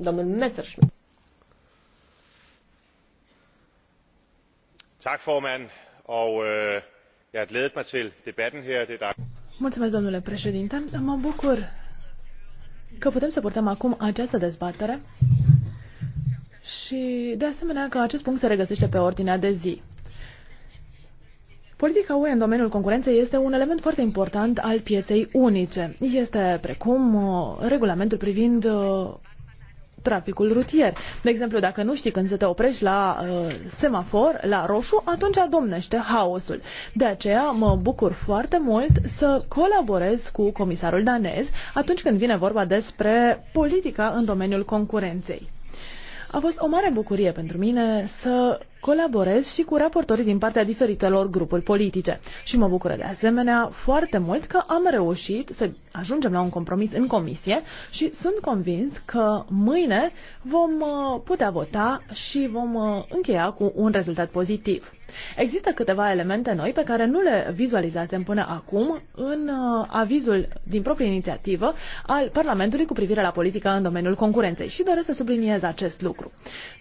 domnul Messerschmidt. Tak, formand, og øh, jeg har glædet mig til debatten her. Det er Mulțumesc, domnule președinte. Mă bucur că putem să purtăm acum această dezbatere și, de asemenea, că acest punct se regăsește pe ordinea de zi. Politica UE în domeniul concurenței este un element foarte important al pieței unice. Este precum uh, regulamentul privind uh, traficul rutier. De exemplu, dacă nu știi când să te oprești la uh, semafor, la roșu, atunci domnește haosul. De aceea mă bucur foarte mult să colaborez cu comisarul danez atunci când vine vorba despre politica în domeniul concurenței. A fost o mare bucurie pentru mine să colaborez și cu raportorii din partea diferitelor grupuri politice. Și mă bucură de asemenea foarte mult că am reușit să ajungem la un compromis în comisie și sunt convins că mâine vom uh, putea vota și vom uh, încheia cu un rezultat pozitiv. Există câteva elemente noi pe care nu le vizualizasem până acum în uh, avizul din proprie inițiativă al Parlamentului cu privire la politica în domeniul concurenței și doresc să subliniez acest lucru.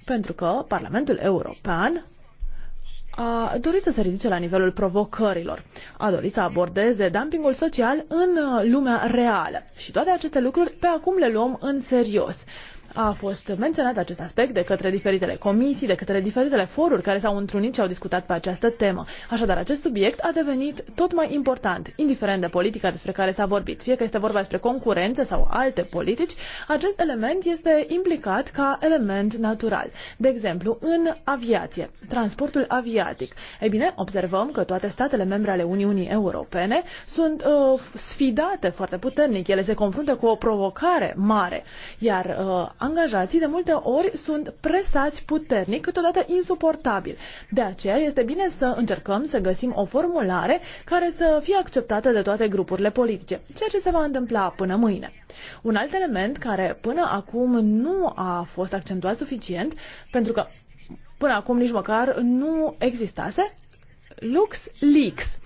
Pentru că Parlamentul European a dorit să se ridice la nivelul provocărilor, a dorit să abordeze dumpingul social în uh, lumea reală. Și toate aceste lucruri pe acum le luăm în serios a fost menționat acest aspect de către diferitele comisii, de către diferitele foruri care s-au întrunit și au discutat pe această temă. Așadar, acest subiect a devenit tot mai important, indiferent de politica despre care s-a vorbit, fie că este vorba despre concurență sau alte politici, acest element este implicat ca element natural. De exemplu, în aviație, transportul aviatic. Ei bine, observăm că toate statele membre ale Uniunii Europene sunt uh, sfidate foarte puternic, ele se confruntă cu o provocare mare, iar uh, angajații de multe ori sunt presați puternic, câteodată insuportabil. De aceea este bine să încercăm să găsim o formulare care să fie acceptată de toate grupurile politice, ceea ce se va întâmpla până mâine. Un alt element care până acum nu a fost accentuat suficient, pentru că până acum nici măcar nu existase, lux leaks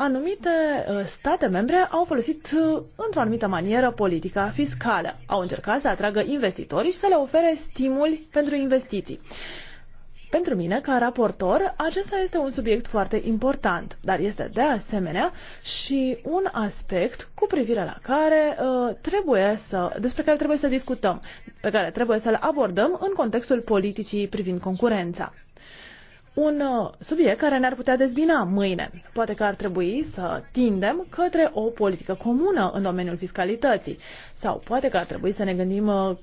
anumite uh, state membre au folosit uh, într-o anumită manieră politica fiscală. Au încercat să atragă investitori și să le ofere stimuli pentru investiții. Pentru mine, ca raportor, acesta este un subiect foarte important, dar este de asemenea și un aspect cu privire la care uh, trebuie să, despre care trebuie să discutăm, pe care trebuie să-l abordăm în contextul politicii privind concurența un uh, subiect care ne-ar putea dezbina mâine. Poate că ar trebui să tindem către o politică comună în domeniul fiscalității sau poate că ar trebui să ne gândim uh,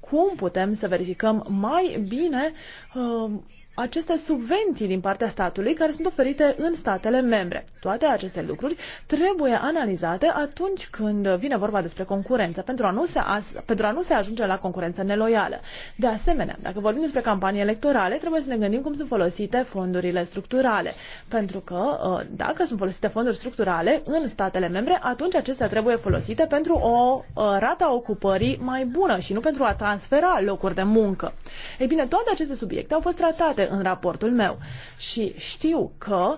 cum putem să verificăm mai bine uh, aceste subvenții din partea statului care sunt oferite în statele membre. Toate aceste lucruri trebuie analizate atunci când vine vorba despre concurență, pentru a nu se, as- pentru a nu se ajunge la concurență neloială. De asemenea, dacă vorbim despre campanii electorale, trebuie să ne gândim cum sunt folosite fondurile structurale, pentru că ă, dacă sunt folosite fonduri structurale în statele membre, atunci acestea trebuie folosite pentru o ă, rata ocupării mai bună și nu pentru a transfera locuri de muncă. Ei bine, toate aceste subiecte au fost tratate în raportul meu. Și știu că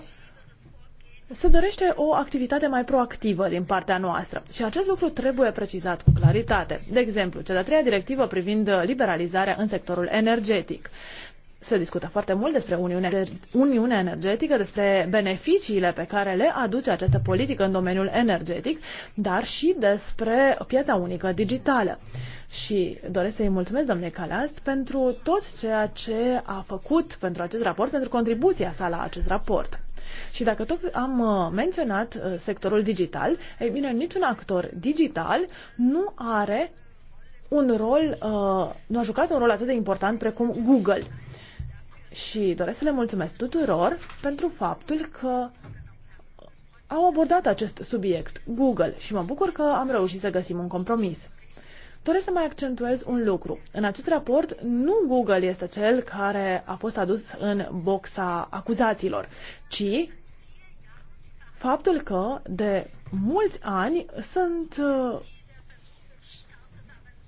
se dorește o activitate mai proactivă din partea noastră și acest lucru trebuie precizat cu claritate. De exemplu, cea de-a treia directivă privind liberalizarea în sectorul energetic se discută foarte mult despre Uniunea, Uniunea Energetică, despre beneficiile pe care le aduce această politică în domeniul energetic, dar și despre piața unică digitală. Și doresc să-i mulțumesc, domnule Calast, pentru tot ceea ce a făcut pentru acest raport, pentru contribuția sa la acest raport. Și dacă tot am uh, menționat uh, sectorul digital, ei bine, niciun actor digital nu are un rol, uh, nu a jucat un rol atât de important precum Google și doresc să le mulțumesc tuturor pentru faptul că au abordat acest subiect, Google, și mă bucur că am reușit să găsim un compromis. Doresc să mai accentuez un lucru. În acest raport, nu Google este cel care a fost adus în boxa acuzațiilor, ci faptul că de mulți ani sunt uh,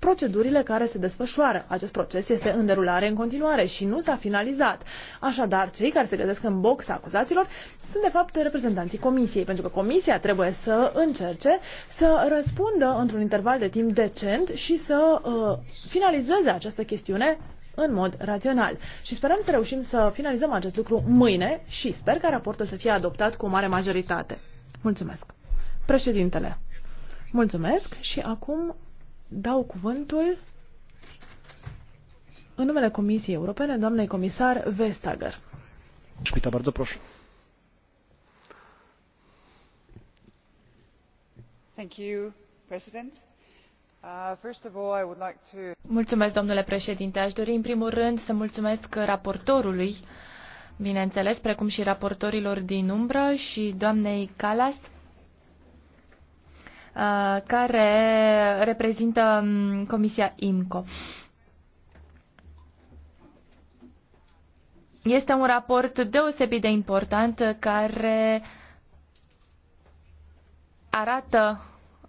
procedurile care se desfășoară. Acest proces este în derulare în continuare și nu s-a finalizat. Așadar, cei care se găsesc în boxa acuzaților sunt de fapt reprezentanții comisiei, pentru că comisia trebuie să încerce să răspundă într-un interval de timp decent și să uh, finalizeze această chestiune în mod rațional. Și sperăm să reușim să finalizăm acest lucru mâine și sper ca raportul să fie adoptat cu o mare majoritate. Mulțumesc. Președintele, mulțumesc și acum dau cuvântul în numele Comisiei Europene, doamnei comisar Vestager. bardzo proszę. Thank you, President. Uh, mulțumesc, domnule președinte aș dori în primul rând să mulțumesc raportorului bineînțeles precum și raportorilor din umbră și doamnei Calas, Uh, care reprezintă um, Comisia IMCO. Este un raport deosebit de important care arată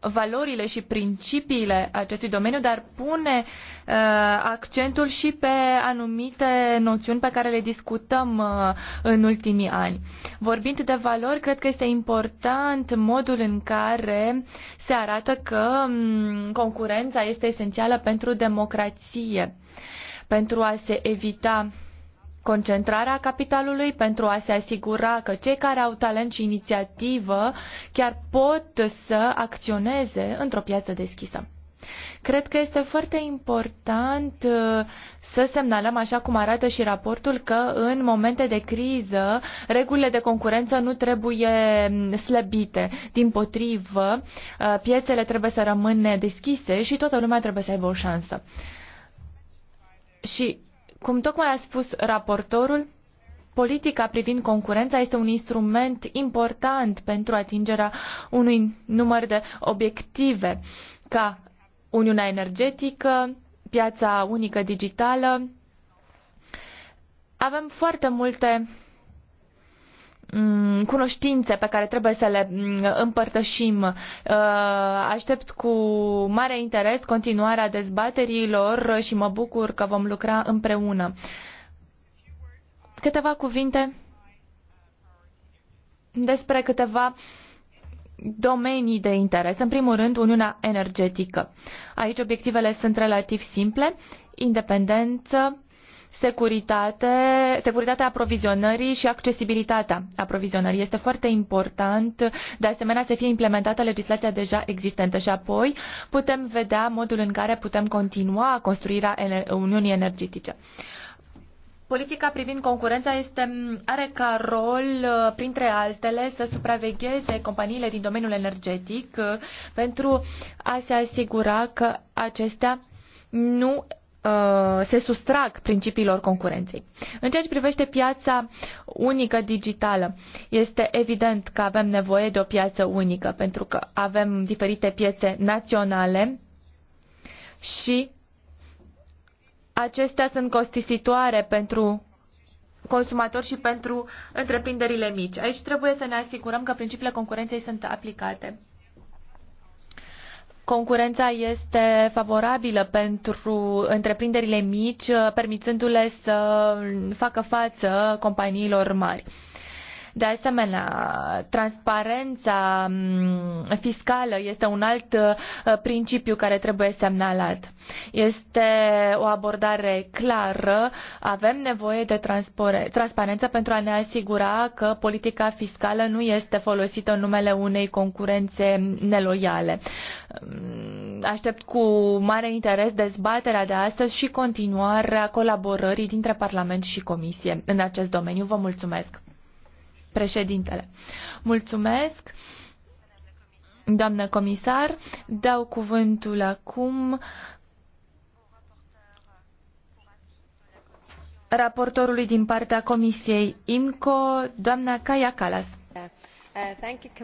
valorile și principiile acestui domeniu, dar pune uh, accentul și pe anumite noțiuni pe care le discutăm uh, în ultimii ani. Vorbind de valori, cred că este important modul în care se arată că um, concurența este esențială pentru democrație, pentru a se evita concentrarea capitalului pentru a se asigura că cei care au talent și inițiativă chiar pot să acționeze într-o piață deschisă. Cred că este foarte important uh, să semnalăm, așa cum arată și raportul, că în momente de criză regulile de concurență nu trebuie mm, slăbite. Din potrivă, uh, piețele trebuie să rămână deschise și toată lumea trebuie să aibă o șansă. Și cum tocmai a spus raportorul, politica privind concurența este un instrument important pentru atingerea unui număr de obiective ca Uniunea energetică, piața unică digitală. Avem foarte multe Mm, cunoștințe pe care trebuie să le mm, împărtășim. Uh, aștept cu mare interes continuarea dezbaterilor și mă bucur că vom lucra împreună. Câteva cuvinte despre câteva domenii de interes. În primul rând, Uniunea Energetică. Aici obiectivele sunt relativ simple, independență, securitate, securitatea aprovizionării și accesibilitatea aprovizionării. Este foarte important, de asemenea, să fie implementată legislația deja existentă și apoi putem vedea modul în care putem continua construirea Uniunii Energetice. Politica privind concurența este, are ca rol, printre altele, să supravegheze companiile din domeniul energetic uh, pentru a se asigura că acestea nu Uh, se sustrag principiilor concurenței. În ceea ce privește piața unică digitală, este evident că avem nevoie de o piață unică, pentru că avem diferite piețe naționale și acestea sunt costisitoare pentru consumatori și pentru întreprinderile mici. Aici trebuie să ne asigurăm că principiile concurenței sunt aplicate. Concurența este favorabilă pentru întreprinderile mici, permițându-le să facă față companiilor mari. De asemenea, transparența mm, fiscală este un alt uh, principiu care trebuie semnalat. Este o abordare clară, avem nevoie de transparență pentru a ne asigura că politica fiscală nu este folosită în numele unei concurențe neloiale. Mm, aștept cu mare interes dezbaterea de astăzi și continuarea colaborării dintre Parlament și Comisie în acest domeniu. Vă mulțumesc! Președintele. Mulțumesc. Doamnă comisar, dau cuvântul acum raportorului din partea Comisiei IMCO, doamna Caia Calas.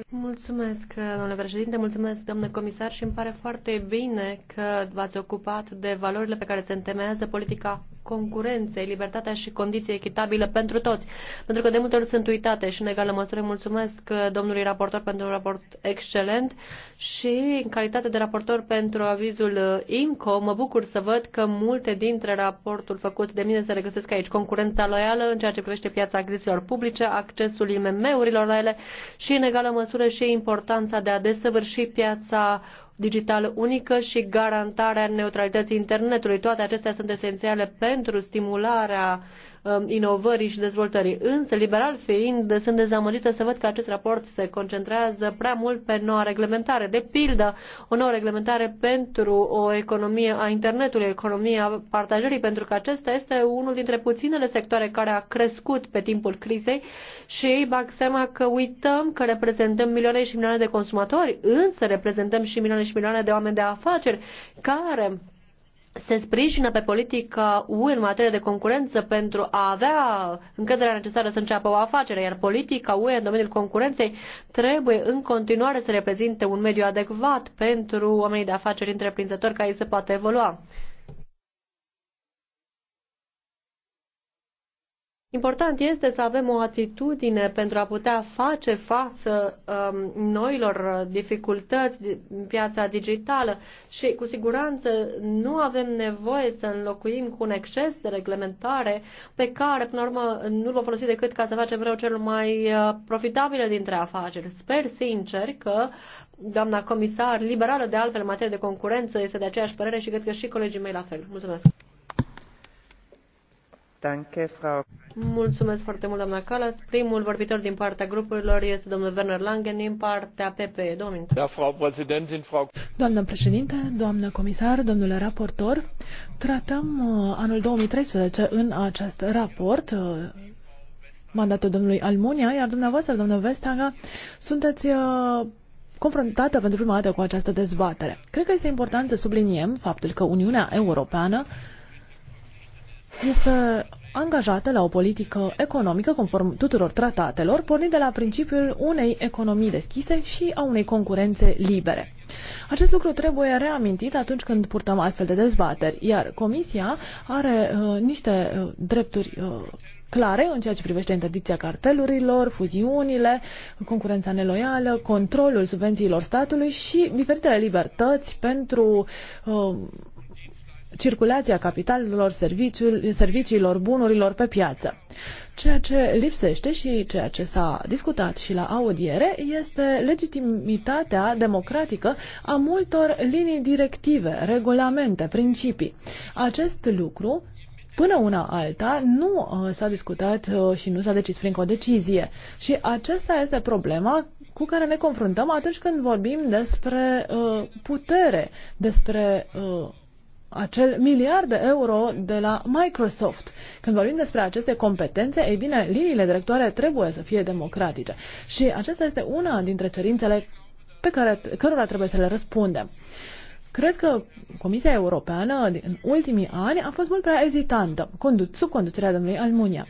Mulțumesc, domnule președinte, mulțumesc, domnule comisar, și îmi pare foarte bine că v-ați ocupat de valorile pe care se întemeiază politica concurenței, libertatea și condiții echitabile pentru toți. Pentru că de multe ori sunt uitate și în egală măsură mulțumesc uh, domnului raportor pentru un raport excelent și în calitate de raportor pentru avizul uh, INCO, mă bucur să văd că multe dintre raportul făcut de mine se regăsesc aici. Concurența loială în ceea ce privește piața achizițiilor publice, accesul IMM-urilor la ele și în egală măsură și importanța de a desăvârși piața digitală unică și garantarea neutralității internetului. Toate acestea sunt esențiale pentru stimularea Um, inovării și dezvoltării. Însă, liberal fiind, sunt dezamăgită să văd că acest raport se concentrează prea mult pe noua reglementare. De pildă, o nouă reglementare pentru o economie a internetului, economia partajării, pentru că acesta este unul dintre puținele sectoare care a crescut pe timpul crizei și ei bag seama că uităm că reprezentăm milioane și milioane de consumatori, însă reprezentăm și milioane și milioane de oameni de afaceri care se sprijină pe politica UE în materie de concurență pentru a avea încrederea necesară să înceapă o afacere, iar politica UE în domeniul concurenței trebuie în continuare să reprezinte un mediu adecvat pentru oamenii de afaceri întreprinzători ca ei să poată evolua. Important este să avem o atitudine pentru a putea face față um, noilor uh, dificultăți din piața digitală și cu siguranță nu avem nevoie să înlocuim cu un exces de reglementare pe care, până la urmă, nu l-o folosi decât ca să facem rău cel mai uh, profitabil dintre afaceri. Sper sincer că doamna comisar liberală de altfel în materie de concurență este de aceeași părere și cred că și colegii mei la fel. Mulțumesc! Mulțumesc foarte mult, doamna Calas. Primul vorbitor din partea grupurilor este domnul Werner Langen din partea PPE. Două Da, frau frau... Doamnă președinte, doamnă comisar, domnule raportor, tratăm uh, anul 2013 în acest raport uh, mandatul domnului Almunia, iar dumneavoastră, domnul Vestaga, sunteți uh, confruntată pentru prima dată cu această dezbatere. Cred că este important să subliniem faptul că Uniunea Europeană uh, este angajată la o politică economică conform tuturor tratatelor, pornind de la principiul unei economii deschise și a unei concurențe libere. Acest lucru trebuie reamintit atunci când purtăm astfel de dezbateri, iar Comisia are uh, niște uh, drepturi uh, clare în ceea ce privește interdicția cartelurilor, fuziunile, concurența neloială, controlul subvențiilor statului și diferitele libertăți pentru uh, circulația capitalelor, serviciilor, bunurilor pe piață. Ceea ce lipsește și ceea ce s-a discutat și la audiere este legitimitatea democratică a multor linii directive, regulamente, principii. Acest lucru Până una alta, nu uh, s-a discutat uh, și nu s-a decis prin o decizie. Și acesta este problema cu care ne confruntăm atunci când vorbim despre uh, putere, despre uh, acel miliard de euro de la Microsoft. Când vorbim despre aceste competențe, ei bine, liniile directoare trebuie să fie democratice. Și acesta este una dintre cerințele pe care, cărora trebuie să le răspundem. Cred că Comisia Europeană în ultimii ani a fost mult prea ezitantă, sub conducerea domnului Almunia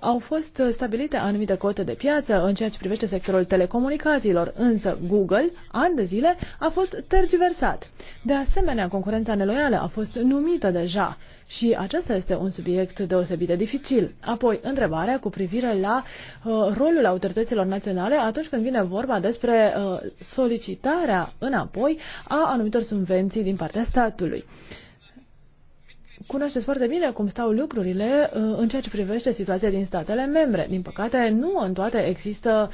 au fost uh, stabilite anumite cote de piață în ceea ce privește sectorul telecomunicațiilor, însă Google, an de zile, a fost tergiversat. De asemenea, concurența neloială a fost numită deja și acesta este un subiect deosebit de dificil. Apoi, întrebarea cu privire la uh, rolul autorităților naționale atunci când vine vorba despre uh, solicitarea înapoi a anumitor subvenții din partea statului. Uh, cunoașteți foarte bine cum stau lucrurile uh, în ceea ce privește situația din statele membre. Din păcate, nu în toate există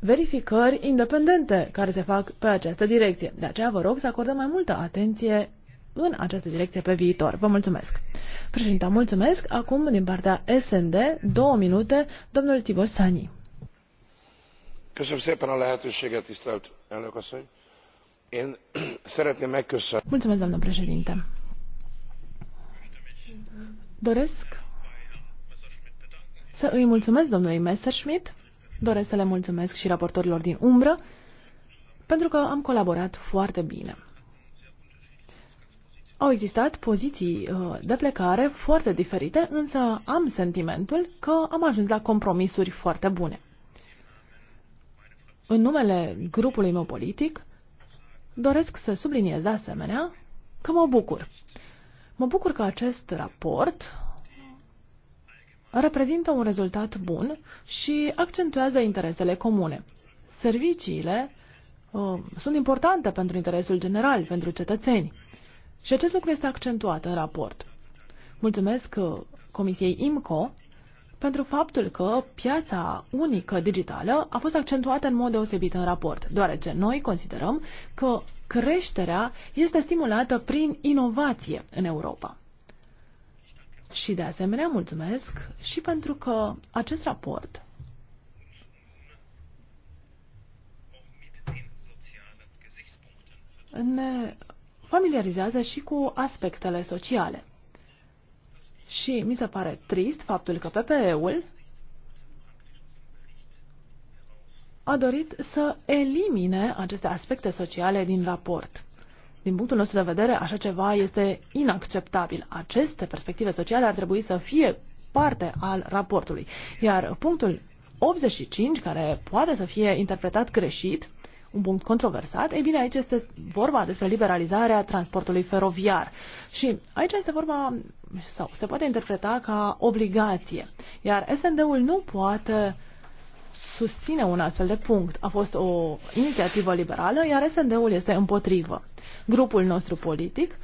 verificări independente care se fac pe această direcție. De aceea vă rog să acordăm mai multă atenție în această direcție pe viitor. Vă mulțumesc. Președinte, mulțumesc. Acum, din partea SND, două minute, domnul Tibor Sani. Mulțumesc, doamnă președinte. Doresc să îi mulțumesc domnului Messerschmidt, doresc să le mulțumesc și raportorilor din umbră, pentru că am colaborat foarte bine. Au existat poziții uh, de plecare foarte diferite, însă am sentimentul că am ajuns la compromisuri foarte bune. În numele grupului meu politic, doresc să subliniez de asemenea că mă bucur Mă bucur că acest raport reprezintă un rezultat bun și accentuează interesele comune. Serviciile uh, sunt importante pentru interesul general, pentru cetățeni. Și acest lucru este accentuat în raport. Mulțumesc uh, Comisiei IMCO pentru faptul că piața unică digitală a fost accentuată în mod deosebit în raport, deoarece noi considerăm că creșterea este stimulată prin inovație în Europa. Și de asemenea mulțumesc și pentru că acest raport ne familiarizează și cu aspectele sociale. Și mi se pare trist faptul că PPE-ul a dorit să elimine aceste aspecte sociale din raport. Din punctul nostru de vedere, așa ceva este inacceptabil. Aceste perspective sociale ar trebui să fie parte al raportului. Iar punctul 85, care poate să fie interpretat greșit, un punct controversat. Ei bine, aici este vorba despre liberalizarea transportului feroviar. Și aici este vorba, sau se poate interpreta ca obligație. Iar SND-ul nu poate susține un astfel de punct. A fost o inițiativă liberală, iar SND-ul este împotrivă. Grupul nostru politic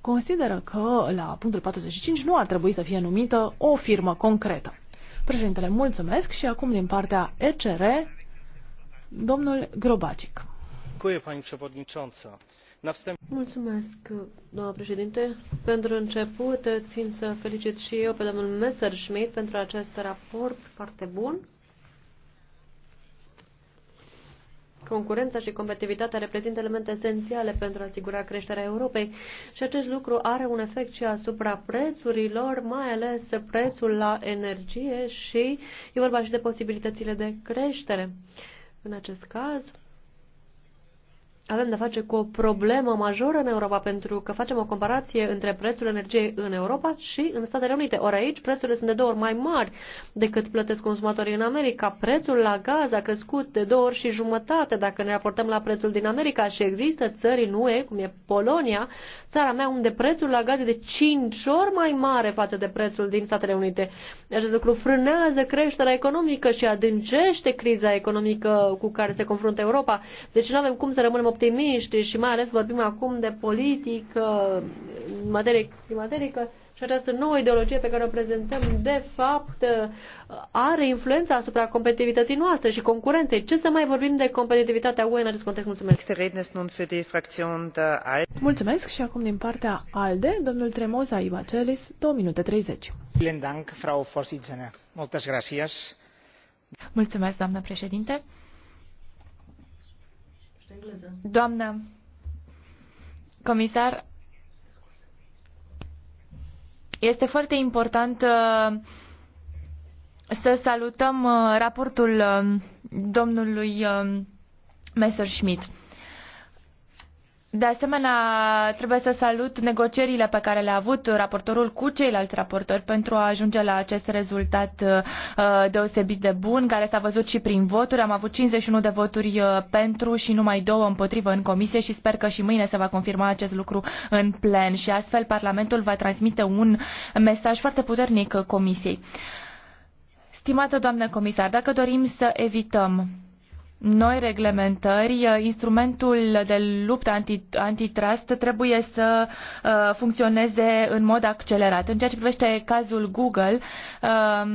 consideră că la punctul 45 nu ar trebui să fie numită o firmă concretă. Președintele, mulțumesc și acum din partea ECR, doamnă Grobacic. Mulțumesc, președinte. Pentru început, țin să felicit și eu pe domnul Messerschmidt pentru acest raport foarte bun. Concurența și competitivitatea reprezintă elemente esențiale pentru a asigura creșterea Europei și acest lucru are un efect și asupra prețurilor, mai ales prețul la energie și e vorba și de posibilitățile de creștere. Uh, în acest caz, avem de face cu o problemă majoră în Europa, pentru că facem o comparație între prețul energiei în Europa și în Statele Unite. Ori aici prețurile sunt de două ori mai mari decât plătesc consumatorii în America. Prețul la gaz a crescut de două ori și jumătate dacă ne raportăm la prețul din America și există țări în UE, cum e Polonia, țara mea, unde prețul la gaz e de cinci ori mai mare față de prețul din Statele Unite. Acest lucru frânează creșterea economică și adâncește criza economică cu care se confruntă Europa. Deci nu avem cum să rămânem optimiști și mai ales vorbim acum de politică, materie climaterică, și această nouă ideologie pe care o prezentăm, de fapt, are influența asupra competitivității noastre și concurenței. Ce să mai vorbim de competitivitatea UE în acest context? Mulțumesc! Mulțumesc și acum din partea ALDE, domnul Tremoza Ibacelis, 2 minute 30. Mulțumesc, doamnă președinte! Doamna comisar, este foarte important uh, să salutăm uh, raportul uh, domnului Messerschmidt. De asemenea, trebuie să salut negocierile pe care le-a avut raportorul cu ceilalți raportori pentru a ajunge la acest rezultat uh, deosebit de bun, care s-a văzut și prin voturi. Am avut 51 de voturi uh, pentru și numai două împotrivă în comisie și sper că și mâine se va confirma acest lucru în plen și astfel Parlamentul va transmite un mesaj foarte puternic comisiei. Stimată doamnă comisar, dacă dorim să evităm noi reglementări, uh, instrumentul de luptă antitrust trebuie să uh, funcționeze în mod accelerat. În ceea ce privește cazul Google, um,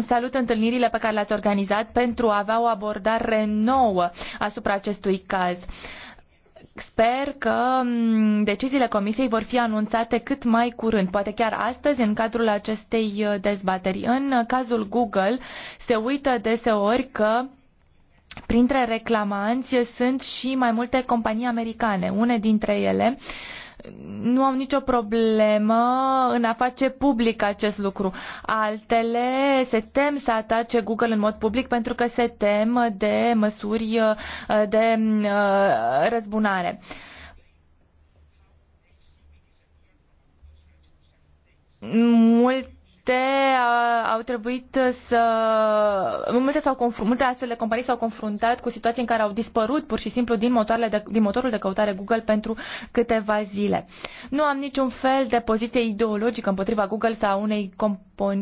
salut întâlnirile pe care le-ați organizat pentru a avea o abordare nouă asupra acestui caz. Sper că um, deciziile Comisiei vor fi anunțate cât mai curând, poate chiar astăzi, în cadrul acestei uh, dezbateri. În cazul Google se uită deseori că Printre reclamanți sunt și mai multe companii americane. Une dintre ele nu au nicio problemă în a face public acest lucru. Altele se tem să atace Google în mod public pentru că se tem de măsuri de uh, răzbunare. Mult multe uh, au trebuit să multe s-au confruntat, multe astfel de companii s-au confruntat cu situații în care au dispărut pur și simplu din motoarele de, din motorul de căutare Google pentru câteva zile. Nu am niciun fel de poziție ideologică împotriva Google sau unei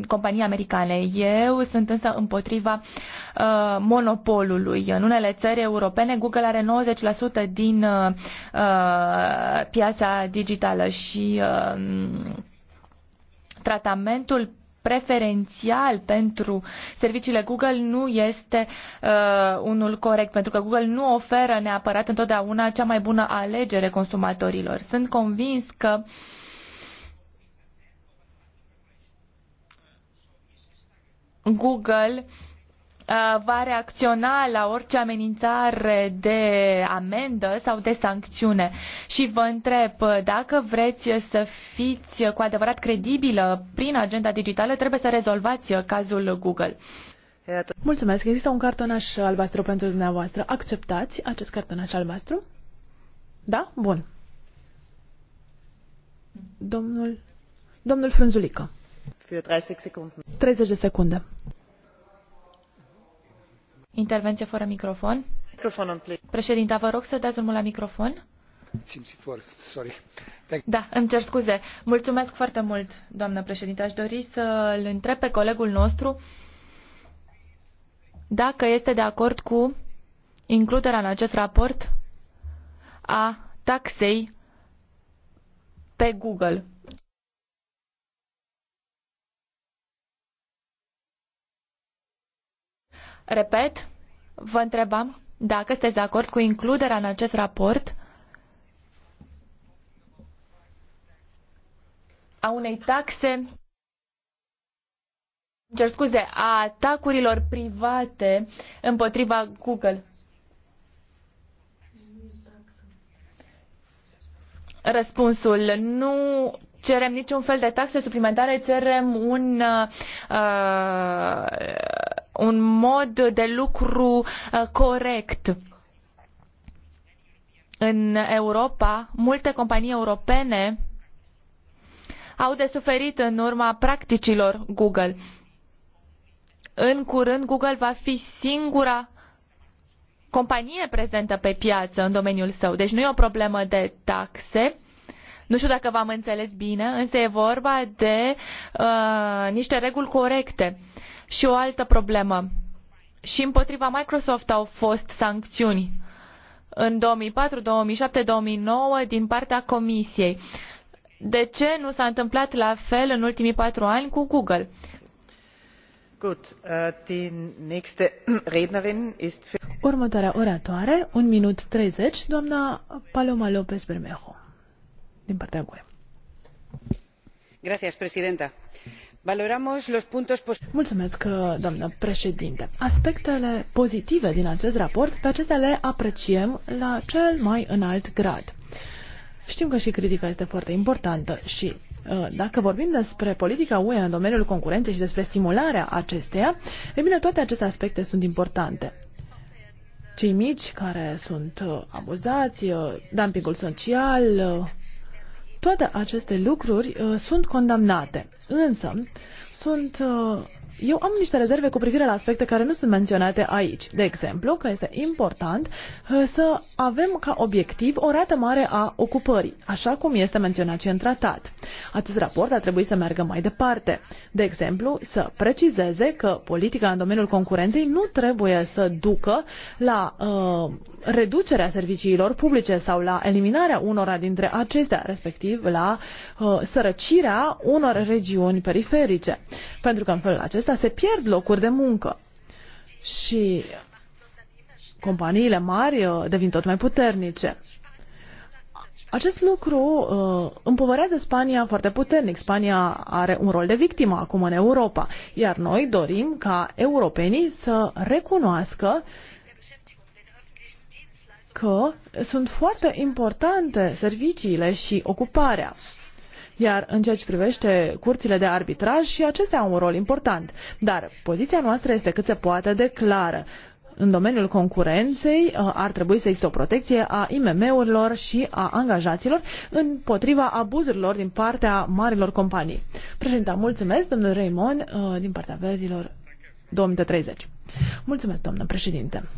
companii americane. Eu sunt însă împotriva uh, monopolului. În unele țări europene Google are 90% din uh, uh, piața digitală și uh, tratamentul preferențial pentru serviciile Google nu este uh, unul corect, pentru că Google nu oferă neapărat întotdeauna cea mai bună alegere consumatorilor. Sunt convins că Google uh, Uh, va reacționa la orice amenințare de amendă sau de sancțiune. Și vă întreb, dacă vreți să fiți cu adevărat credibilă prin agenda digitală, trebuie să rezolvați cazul Google. Mulțumesc. Există un cartonaș albastru pentru dumneavoastră. Acceptați acest cartonaș albastru? Da? Bun. Domnul, domnul Frunzulică. 30 de secunde. Intervenție fără microfon. Microfonul, Președinta, vă rog să dați drumul la microfon. Da, îmi cer scuze. Mulțumesc foarte mult, doamnă președinte. Aș dori să îl întreb pe colegul nostru dacă este de acord cu includerea în acest raport a taxei pe Google. Repet, vă întrebam dacă sunteți de acord cu includerea în acest raport a unei taxe cer scuze, a atacurilor private împotriva Google. Răspunsul, nu cerem niciun fel de taxe suplimentare, cerem un uh, uh un mod de lucru uh, corect. În Europa, multe companii europene au de suferit în urma practicilor Google. În curând, Google va fi singura companie prezentă pe piață în domeniul său. Deci nu e o problemă de taxe. Nu știu dacă v-am înțeles bine, însă e vorba de uh, niște reguli corecte și o altă problemă. Și împotriva Microsoft au fost sancțiuni în 2004, 2007, 2009 din partea Comisiei. De ce nu s-a întâmplat la fel în ultimii patru ani cu Google? Äh, Următoarea oratoare, un minut 30, doamna Paloma López Bermejo, din partea GUE. Gracias, presidenta Uh, doamnă președinte. Aspectele pozitive din acest raport, pe acestea le apreciem la cel mai înalt grad. Știm că și critica este foarte importantă și uh, dacă vorbim despre politica UE în domeniul concurenței și despre stimularea acesteia, e bine, toate aceste aspecte sunt importante. Cei mici care sunt uh, abuzați, dumpingul social, toate aceste lucruri uh, sunt condamnate, însă sunt uh, eu am niște rezerve cu privire la aspecte care nu sunt menționate aici. De exemplu, că este important uh, să avem ca obiectiv o rată mare a ocupării, așa cum este menționat și în tratat. Acest raport ar trebui să meargă mai departe. De exemplu, să precizeze că politica în domeniul concurenței nu trebuie să ducă la uh, reducerea serviciilor publice sau la eliminarea unora dintre acestea, respectiv la uh, sărăcirea unor regiuni periferice. Pentru că în felul acesta acesta se pierd locuri de muncă. Și companiile mari uh, devin tot mai puternice. Acest lucru uh, împovărează Spania foarte puternic. Spania are un rol de victimă acum în Europa, iar noi dorim ca europenii să recunoască că sunt foarte importante serviciile și ocuparea. Iar în ceea ce privește curțile de arbitraj și acestea au un rol important. Dar poziția noastră este cât se poate de clară. În domeniul concurenței uh, ar trebui să existe o protecție a IMM-urilor și a angajaților împotriva abuzurilor din partea marilor companii. Președinte, mulțumesc, domnul Raymond, uh, din partea verzilor 2030. Mulțumesc, domnule președinte.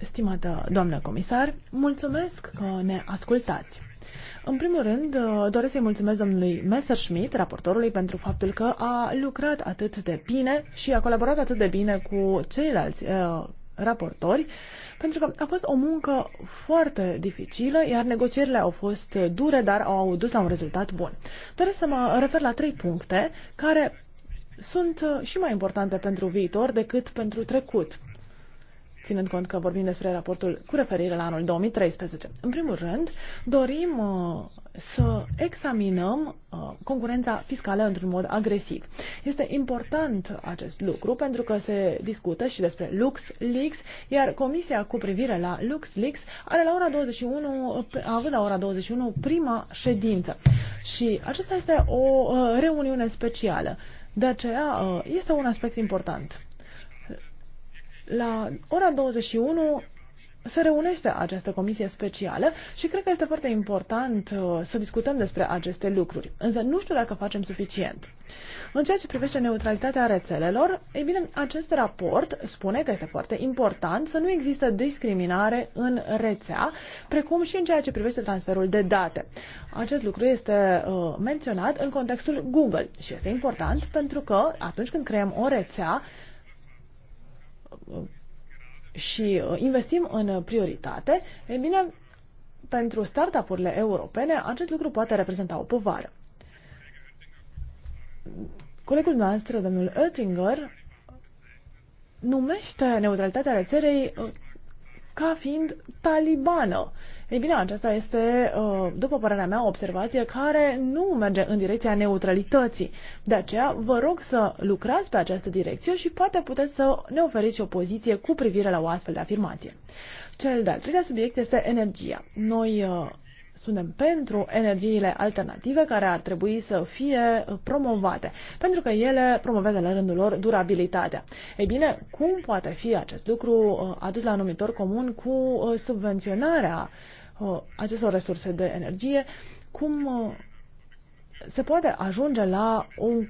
Stimată doamnă comisar, mulțumesc că ne ascultați. În primul rând, uh, doresc să-i mulțumesc domnului Messerschmidt, raportorului, pentru faptul că a lucrat atât de bine și a colaborat atât de bine cu ceilalți uh, raportori, pentru că a fost o muncă foarte dificilă, iar negocierile au fost dure, dar au dus la un rezultat bun. Doresc să mă refer la trei puncte care sunt uh, și mai importante pentru viitor decât pentru trecut ținând cont că vorbim despre raportul cu referire la anul 2013. În primul rând, dorim uh, să examinăm uh, concurența fiscală într-un mod agresiv. Este important acest lucru pentru că se discută și despre LuxLeaks, iar Comisia cu privire la LuxLeaks are la ora 21, a avut la ora 21 prima ședință. Și aceasta este o uh, reuniune specială. De aceea este un aspect important. La ora 21 se reunește această comisie specială și cred că este foarte important uh, să discutăm despre aceste lucruri. Însă nu știu dacă facem suficient. În ceea ce privește neutralitatea rețelelor, ei bine, acest raport spune că este foarte important să nu există discriminare în rețea, precum și în ceea ce privește transferul de date. Acest lucru este uh, menționat în contextul Google și este important pentru că atunci când creăm o rețea, și uh, investim în prioritate, e bine, pentru startup-urile europene acest lucru poate reprezenta o povară. Colegul noastră, domnul Oettinger, numește neutralitatea rețelei uh, ca fiind talibană. Ei bine, aceasta este, uh, după părerea mea, o observație care nu merge în direcția neutralității. De aceea, vă rog să lucrați pe această direcție și poate puteți să ne oferiți o poziție cu privire la o astfel de afirmație. Cel de-al treilea subiect este energia. Noi uh, suntem pentru energiile alternative care ar trebui să fie promovate, pentru că ele promovează la rândul lor durabilitatea. Ei bine, cum poate fi acest lucru uh, adus la numitor comun cu uh, subvenționarea uh, acestor resurse de energie? Cum se poate ajunge la un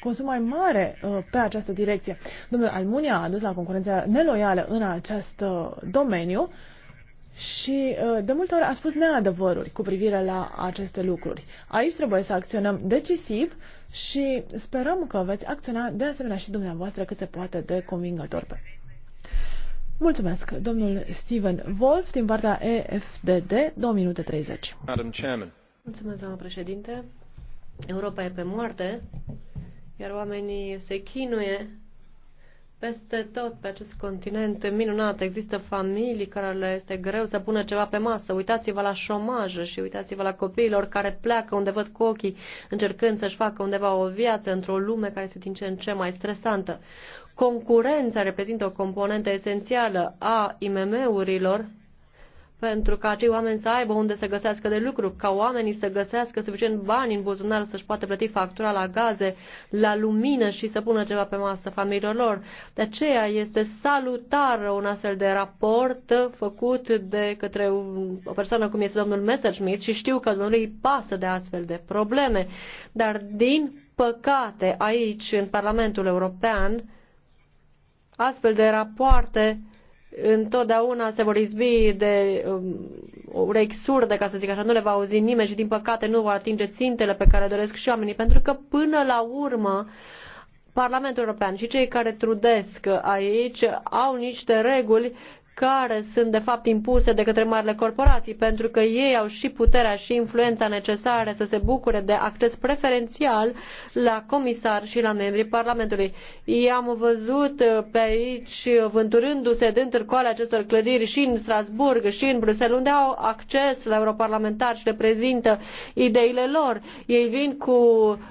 consum mai mare pe această direcție? Domnul Almunia a adus la concurența neloială în acest domeniu și uh, de multe ori a spus neadevăruri cu privire la aceste lucruri. Aici trebuie să acționăm decisiv și sperăm că veți acționa de asemenea și dumneavoastră cât se poate de convingător. Mulțumesc, domnul Steven Wolf, din partea EFDD, 2 minute 30. Madam Chairman. Mulțumesc, doamnă președinte. Europa e pe moarte, iar oamenii se chinuie peste tot pe acest continent minunat există familii care le este greu să pună ceva pe masă. Uitați-vă la șomaj și uitați-vă la copiilor care pleacă unde văd cu ochii, încercând să-și facă undeva o viață într-o lume care se din ce în ce mai stresantă. Concurența reprezintă o componentă esențială a IMM-urilor pentru ca acei oameni să aibă unde să găsească de lucru, ca oamenii să găsească suficient bani în buzunar să-și poată plăti factura la gaze, la lumină și să pună ceva pe masă familiilor lor. De aceea este salutar un astfel de raport făcut de către o persoană cum este domnul Messerschmidt și știu că domnului îi pasă de astfel de probleme. Dar din păcate aici, în Parlamentul European, astfel de rapoarte întotdeauna se vor izbi de um, urechi surde, ca să zic așa, nu le va auzi nimeni și din păcate nu vor atinge țintele pe care doresc și oamenii, pentru că până la urmă Parlamentul European și cei care trudesc aici au niște reguli care sunt de fapt impuse de către marile corporații, pentru că ei au și puterea și influența necesare să se bucure de acces preferențial la comisar și la membrii Parlamentului. I-am văzut uh, pe aici vânturându-se din târcoale acestor clădiri și în Strasbourg și în Bruxelles, unde au acces la europarlamentari și le prezintă ideile lor. Ei vin cu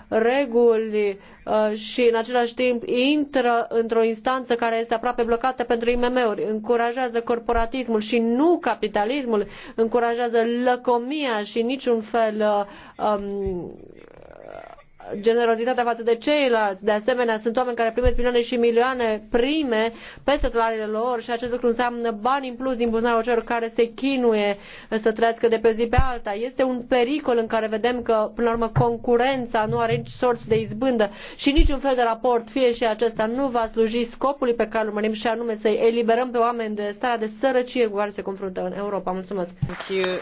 reguli Uh, și în același timp intră într-o instanță care este aproape blocată pentru IMM-uri, încurajează corporatismul și nu capitalismul, încurajează lăcomia și niciun fel uh, um, generozitatea față de ceilalți. De asemenea, sunt oameni care primesc milioane și milioane prime peste salariile lor și acest lucru înseamnă bani în plus din buzunarul celor care se chinuie să trăiască de pe zi pe alta. Este un pericol în care vedem că, până la urmă, concurența nu are nici sorți de izbândă și niciun fel de raport, fie și acesta, nu va sluji scopului pe care îl urmărim și anume să-i eliberăm pe oameni de starea de sărăcie cu care se confruntă în Europa. Mulțumesc! Thank you.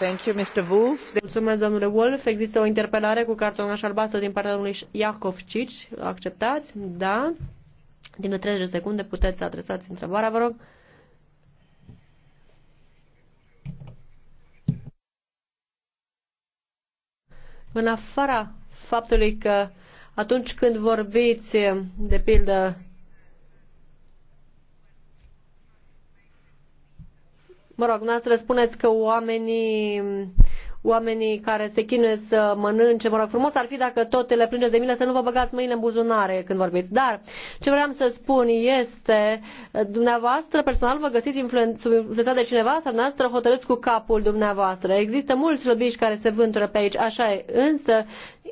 Mulțumesc, domnule Wolf. Există o interpelare cu cartonaș albastru din partea domnului Iacovcici. Acceptați? Da. Din 30 secunde puteți să adresați întrebarea, vă rog. În afara faptului că atunci când vorbiți, de pildă, Mă rog, dumneavoastră spuneți că oamenii oamenii care se chinuie să mănânce, mă rog, frumos ar fi dacă tot le plângeți de milă să nu vă băgați mâinile în buzunare când vorbiți. Dar ce vreau să spun este, dumneavoastră personal vă găsiți influen- sub influența de cineva sau dumneavoastră hotărâți cu capul dumneavoastră. Există mulți lobiști care se vântură pe aici, așa e. Însă,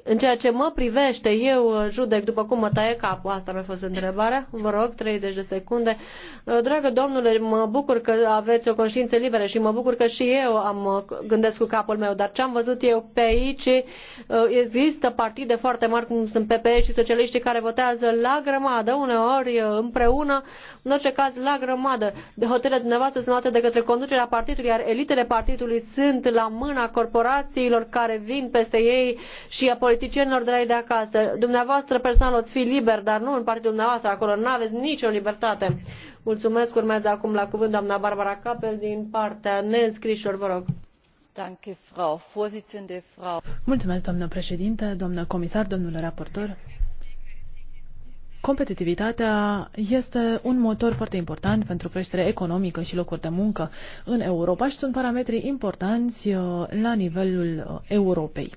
în ceea ce mă privește, eu judec după cum mă taie capul. Asta mi-a fost întrebarea. Vă rog, 30 de secunde. Dragă domnule, mă bucur că aveți o conștiință liberă și mă bucur că și eu am gândesc cu capul meu dar ce am văzut eu pe aici, uh, există partide foarte mari, cum sunt PPE și socialiștii, care votează la grămadă, uneori uh, împreună, în orice caz la grămadă. Hotele dumneavoastră sunt luate de către conducerea partidului, iar elitele partidului sunt la mâna corporațiilor care vin peste ei și a politicienilor de la ei de acasă. Dumneavoastră personal o fi liber, dar nu în partidul dumneavoastră, acolo nu aveți nicio libertate. Mulțumesc. Urmează acum la cuvânt doamna Barbara Capel din partea neînscrișilor, vă rog. Mulțumesc, doamnă președinte, doamnă comisar, domnule raportor. Competitivitatea este un motor foarte important pentru creștere economică și locuri de muncă în Europa și sunt parametri importanți uh, la nivelul uh, Europei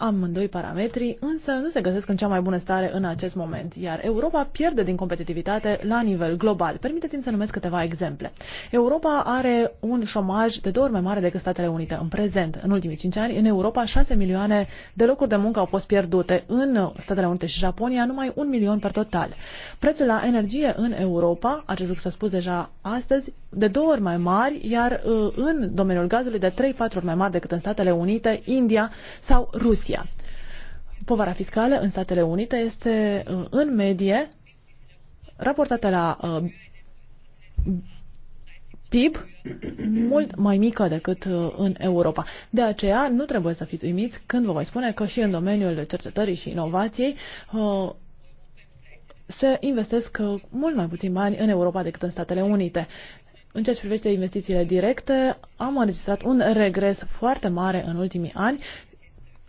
amândoi parametri, însă nu se găsesc în cea mai bună stare în acest moment, iar Europa pierde din competitivitate la nivel global. Permiteți-mi să numesc câteva exemple. Europa are un șomaj de două ori mai mare decât Statele Unite în prezent. În ultimii cinci ani, în Europa, 6 milioane de locuri de muncă au fost pierdute. În Statele Unite și Japonia, numai un milion pe total. Prețul la energie în Europa, acest lucru s-a spus deja astăzi, de două ori mai mari, iar uh, în domeniul gazului de 3-4 ori mai mari decât în Statele Unite, India sau Rusia. Comisia. Povara fiscală în Statele Unite este uh, în medie raportată la uh, PIB mult mai mică decât uh, în Europa. De aceea nu trebuie să fiți uimiți când vă voi spune că și în domeniul cercetării și inovației se investesc mult mai puțin bani în Europa decât în Statele Unite. În ceea ce privește investițiile directe, am înregistrat un regres foarte mare în ultimii ani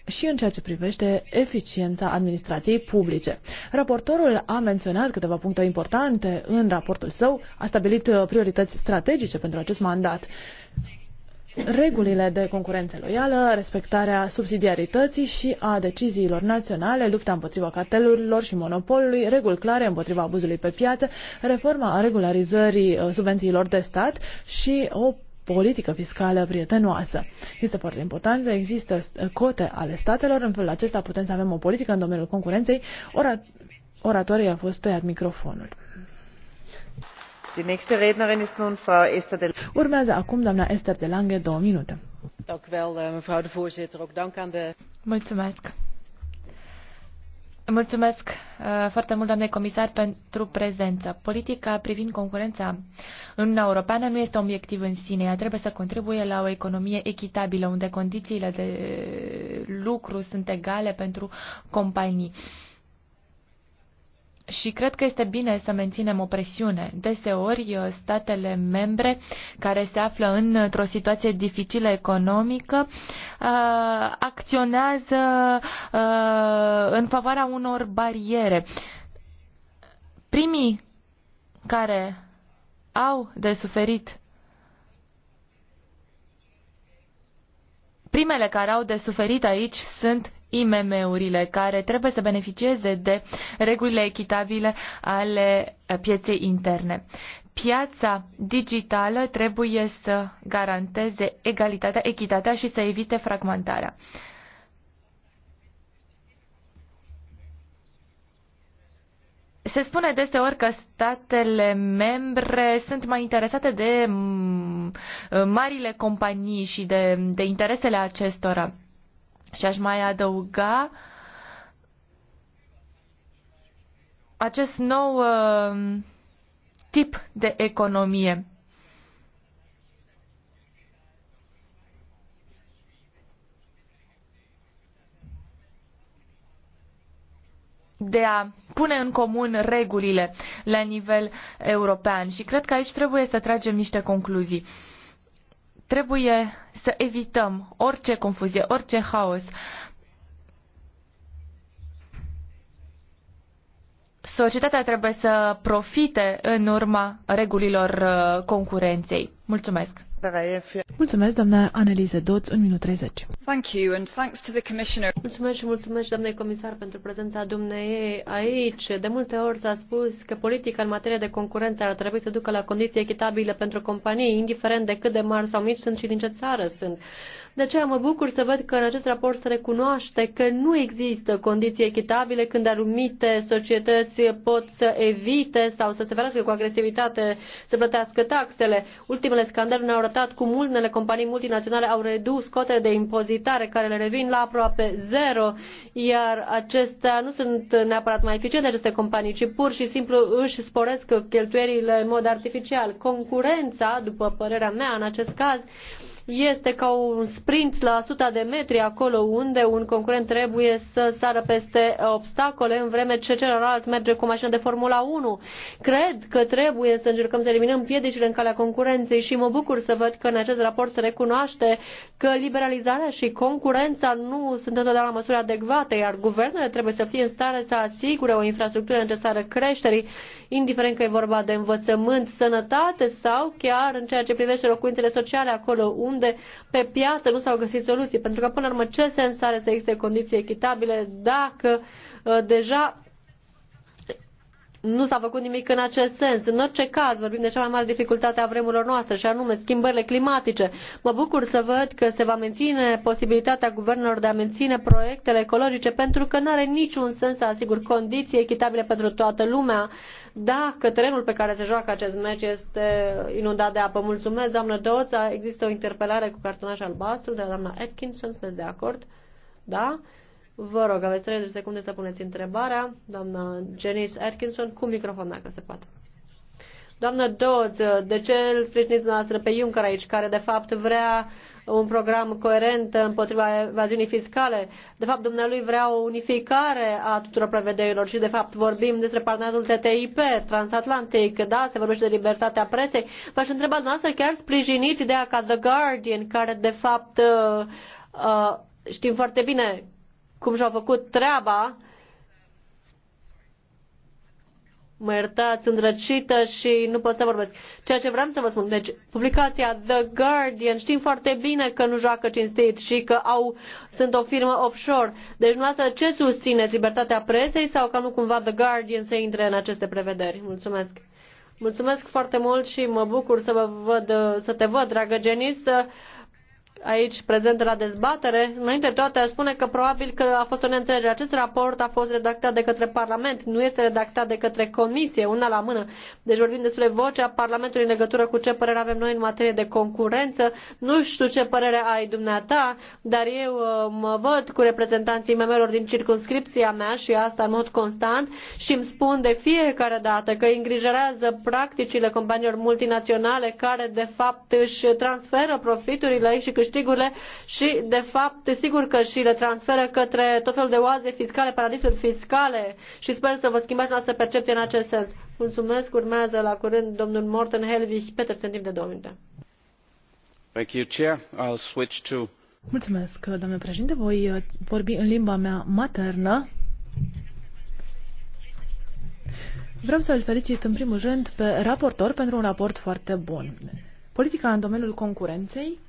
și în ceea ce privește eficiența administrației publice. Raportorul a menționat câteva puncte importante în raportul său, a stabilit uh, priorități strategice pentru acest mandat. Regulile de concurență loială, respectarea subsidiarității și a deciziilor naționale, lupta împotriva cartelurilor și monopolului, reguli clare împotriva abuzului pe piață, reforma a regularizării uh, subvențiilor de stat și o politică fiscală prietenoasă. Este foarte important să există uh, cote ale statelor, în felul acesta putem să avem o politică în domeniul concurenței. Ora, oratorii a fost tăiat microfonul. Urmează acum doamna Esther de Lange două minute. Eh, Mulțumesc. Mulțumesc uh, foarte mult, doamne comisar, pentru prezență. Politica privind concurența în Uniunea Europeană nu este un obiectiv în sine. Ea trebuie să contribuie la o economie echitabilă, unde condițiile de lucru sunt egale pentru companii. Și cred că este bine să menținem o presiune. Deseori, uh, statele membre care se află într-o situație dificilă economică uh, acționează uh, în favoarea unor bariere. Primii care au de suferit primele care au de suferit aici sunt IMM-urile care trebuie să beneficieze de regulile echitabile ale pieței interne. Piața digitală trebuie să garanteze egalitatea, echitatea și să evite fragmentarea. Se spune deseori că statele membre sunt mai interesate de mm, marile companii și de, de interesele acestora. Și aș mai adăuga acest nou uh, tip de economie. de a pune în comun regulile la nivel european și cred că aici trebuie să tragem niște concluzii. Uh, Trebuie să evităm orice confuzie, orice haos. Societatea trebuie să profite în urma regulilor uh, concurenței. Mulțumesc! Mulțumesc, doamna Anneliese Dodds, 1 minut 30. Thank you and thanks to the commissioner. Mulțumesc și mulțumesc, doamnei comisar, pentru prezența dumneei aici. De multe ori s-a spus că politica în materie de concurență ar trebui să ducă la condiții echitabile pentru companii, indiferent de cât de mari sau mici sunt și din ce țară sunt. De aceea mă bucur să văd că în acest raport se recunoaște că nu există condiții echitabile când anumite societăți pot să evite sau să se ferească cu agresivitate să plătească taxele. Ultimele scandaluri ne-au arătat cum unele companii multinaționale au redus cotele de impozitare care le revin la aproape zero, iar acestea nu sunt neapărat mai eficiente aceste companii, ci pur și simplu își sporesc cheltuierile în mod artificial. Concurența, după părerea mea, în acest caz, este ca un sprint la suta de metri acolo unde un concurent trebuie să sară peste obstacole în vreme ce celălalt merge cu mașina de Formula 1. Cred că trebuie să încercăm să eliminăm piedicile în calea concurenței și mă bucur să văd că în acest raport se recunoaște că liberalizarea și concurența nu sunt întotdeauna la măsuri adecvate, iar guvernele trebuie să fie în stare să asigure o infrastructură necesară creșterii, indiferent că e vorba de învățământ, sănătate sau chiar în ceea ce privește locuințele sociale acolo unde unde pe piață nu s-au găsit soluții. Pentru că, până la urmă, ce sens are să existe condiții echitabile dacă uh, deja nu s-a făcut nimic în acest sens. În orice caz, vorbim de cea mai mare dificultate a vremurilor noastre, și anume schimbările climatice. Mă bucur să văd că se va menține posibilitatea guvernelor de a menține proiectele ecologice, pentru că nu are niciun sens să asigur condiții echitabile pentru toată lumea, dacă terenul pe care se joacă acest meci este inundat de apă. Mulțumesc, doamnă Doța. Există o interpelare cu cartonaș albastru de la doamna Atkinson. Sunteți de acord? Da? Vă rog, aveți 30 secunde să puneți întrebarea. Doamna Janice Atkinson, cu microfon, dacă se poate. Doamna Dodds, de ce îl sprijiniți noastră pe Juncker aici, care de fapt vrea un program coerent împotriva evaziunii fiscale. De fapt, dumnealui vrea o unificare a tuturor prevederilor și, de fapt, vorbim despre partenerul TTIP, transatlantic, da, se vorbește de libertatea presei. V-aș întreba noastră chiar sprijiniți ideea ca The Guardian, care, de fapt, uh, uh, știm foarte bine cum și-au făcut treaba, mă iertați, îndrăcită și nu pot să vorbesc. Ceea ce vreau să vă spun, deci publicația The Guardian, știm foarte bine că nu joacă cinstit și că au, sunt o firmă offshore. Deci dumneavoastră ce susțineți, libertatea presei sau că nu cumva The Guardian să intre în aceste prevederi? Mulțumesc! Mulțumesc foarte mult și mă bucur să, vă văd, să te văd, dragă Genis aici prezentă la dezbatere. Înainte de toate, spune că probabil că a fost o neînțelegere. Acest raport a fost redactat de către Parlament, nu este redactat de către Comisie, una la mână. Deci vorbim despre vocea Parlamentului în legătură cu ce părere avem noi în materie de concurență. Nu știu ce părere ai dumneata, dar eu uh, mă văd cu reprezentanții memelor din circunscripția mea și asta în mod constant și îmi spun de fiecare dată că îngrijorează practicile companiilor multinaționale care de fapt își transferă profiturile și câștigurile câștigurile și, de fapt, sigur că și le transferă către tot felul de oaze fiscale, paradisuri fiscale și sper să vă schimbați noastră percepție în acest sens. Mulțumesc, urmează la curând domnul Morten Helvig, Peter timp de două Thank you, Chair. I'll switch to... Mulțumesc, domnule președinte. Voi uh, vorbi în limba mea maternă. Vreau să îl felicit în primul rând pe raportor pentru un raport foarte bun. Politica în domeniul concurenței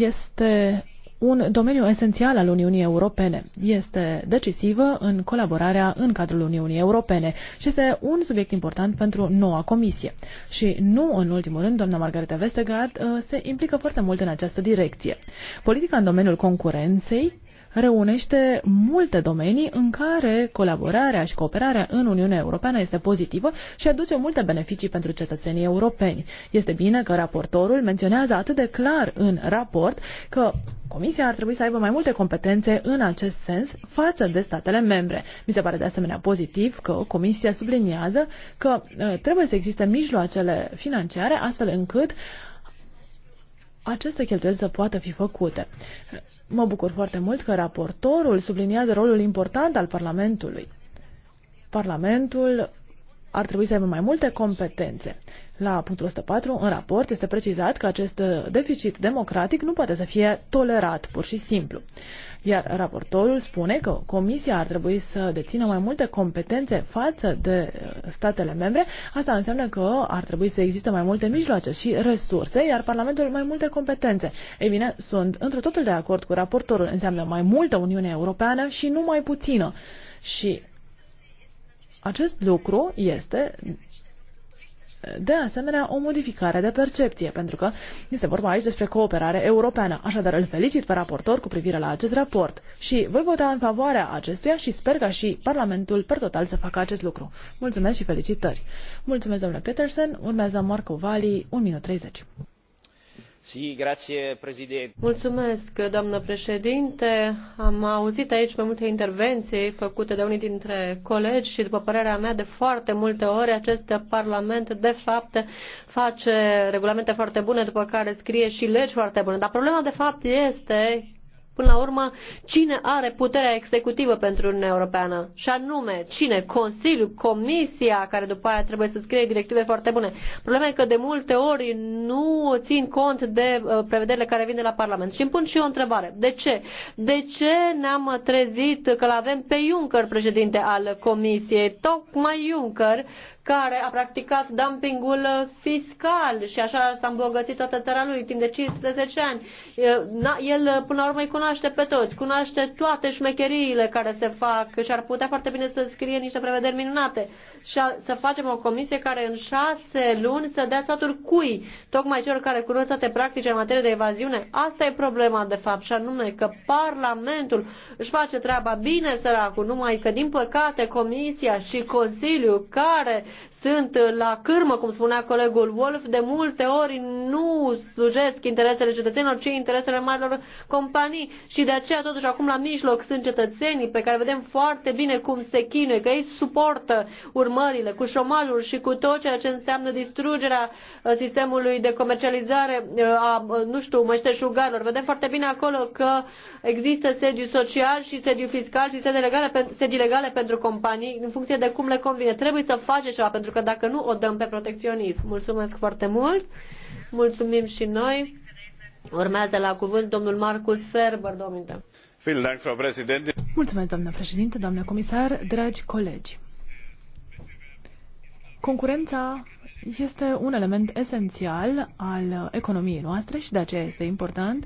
este un domeniu esențial al Uniunii Europene. Este decisivă în colaborarea în cadrul Uniunii Europene și este un subiect important pentru noua comisie. Și nu în ultimul rând, doamna Margareta Vestegard uh, se implică foarte mult în această direcție. Politica în domeniul concurenței reunește multe domenii în care colaborarea și cooperarea în Uniunea Europeană este pozitivă și aduce multe beneficii pentru cetățenii europeni. Este bine că raportorul menționează atât de clar în raport că Comisia ar trebui să aibă mai multe competențe în acest sens față de statele membre. Mi se pare de asemenea pozitiv că Comisia subliniază că uh, trebuie să existe mijloacele financiare astfel încât uh, aceste cheltuieli să poată fi făcute. Mă bucur foarte mult că raportorul subliniază rolul important al Parlamentului. Parlamentul ar trebui să aibă mai multe competențe. La punctul 104, în raport, este precizat că acest deficit democratic nu poate să fie tolerat pur și simplu. Iar raportorul spune că Comisia ar trebui să dețină mai multe competențe față de uh, statele membre. Asta înseamnă că ar trebui să existe mai multe mijloace și resurse, iar Parlamentul mai multe competențe. Ei bine, sunt într totul de acord cu raportorul. Înseamnă mai multă Uniune Europeană și nu mai puțină. Și acest lucru este de asemenea o modificare de percepție, pentru că este vorba aici despre cooperare europeană. Așadar îl felicit pe raportor cu privire la acest raport și voi vota în favoarea acestuia și sper ca și Parlamentul per total să facă acest lucru. Mulțumesc și felicitări! Mulțumesc, domnule Peterson. Urmează Marco Vali, 1 minut 30. Mulțumesc, doamnă președinte. Am auzit aici mai multe intervenții făcute de unii dintre colegi și, după părerea mea, de foarte multe ori acest Parlament, de fapt, face regulamente foarte bune, după care scrie și legi foarte bune. Dar problema, de fapt, este până la urmă, cine are puterea executivă pentru Uniunea Europeană. Și anume, cine? Consiliul, Comisia, care după aia trebuie să scrie directive foarte bune. Problema e că de multe ori nu țin cont de uh, prevederile care vin de la Parlament. Și îmi pun și eu o întrebare. De ce? De ce ne-am trezit că l avem pe Juncker, președinte al Comisiei? Tocmai Juncker, care a practicat dumpingul fiscal și așa s-a îmbogățit toată țara lui timp de 15 ani. El până la urmă îi cunoaște pe toți, cunoaște toate șmecheriile care se fac și ar putea foarte bine să scrie niște prevederi minunate și a, să facem o comisie care în șase luni să dea sfaturi cui, tocmai celor care cunosc toate practice în materie de evaziune. Asta e problema de fapt și anume că Parlamentul își face treaba bine săracul, numai că din păcate Comisia și Consiliul care sunt la cârmă, cum spunea colegul Wolf, de multe ori nu slujesc interesele cetățenilor, ci interesele marilor companii. Și de aceea, totuși, acum la mijloc sunt cetățenii pe care vedem foarte bine cum se chinuie, că ei suportă urmările cu șomajul și cu tot ceea ce înseamnă distrugerea uh, sistemului de comercializare uh, a, uh, nu știu, meșteșugarilor. Vedem foarte bine acolo că există sediu social și sediu fiscal și sediu legale, sediu legale pentru companii în funcție de cum le convine. Trebuie să faceți cea, pentru că dacă nu, o dăm pe protecționism. Mulțumesc foarte mult, mulțumim și noi. Urmează la cuvânt domnul Marcus Ferber, domnule. Mulțumesc, doamnă președinte, doamnă comisar, dragi colegi. Concurența este un element esențial al economiei noastre și de aceea este important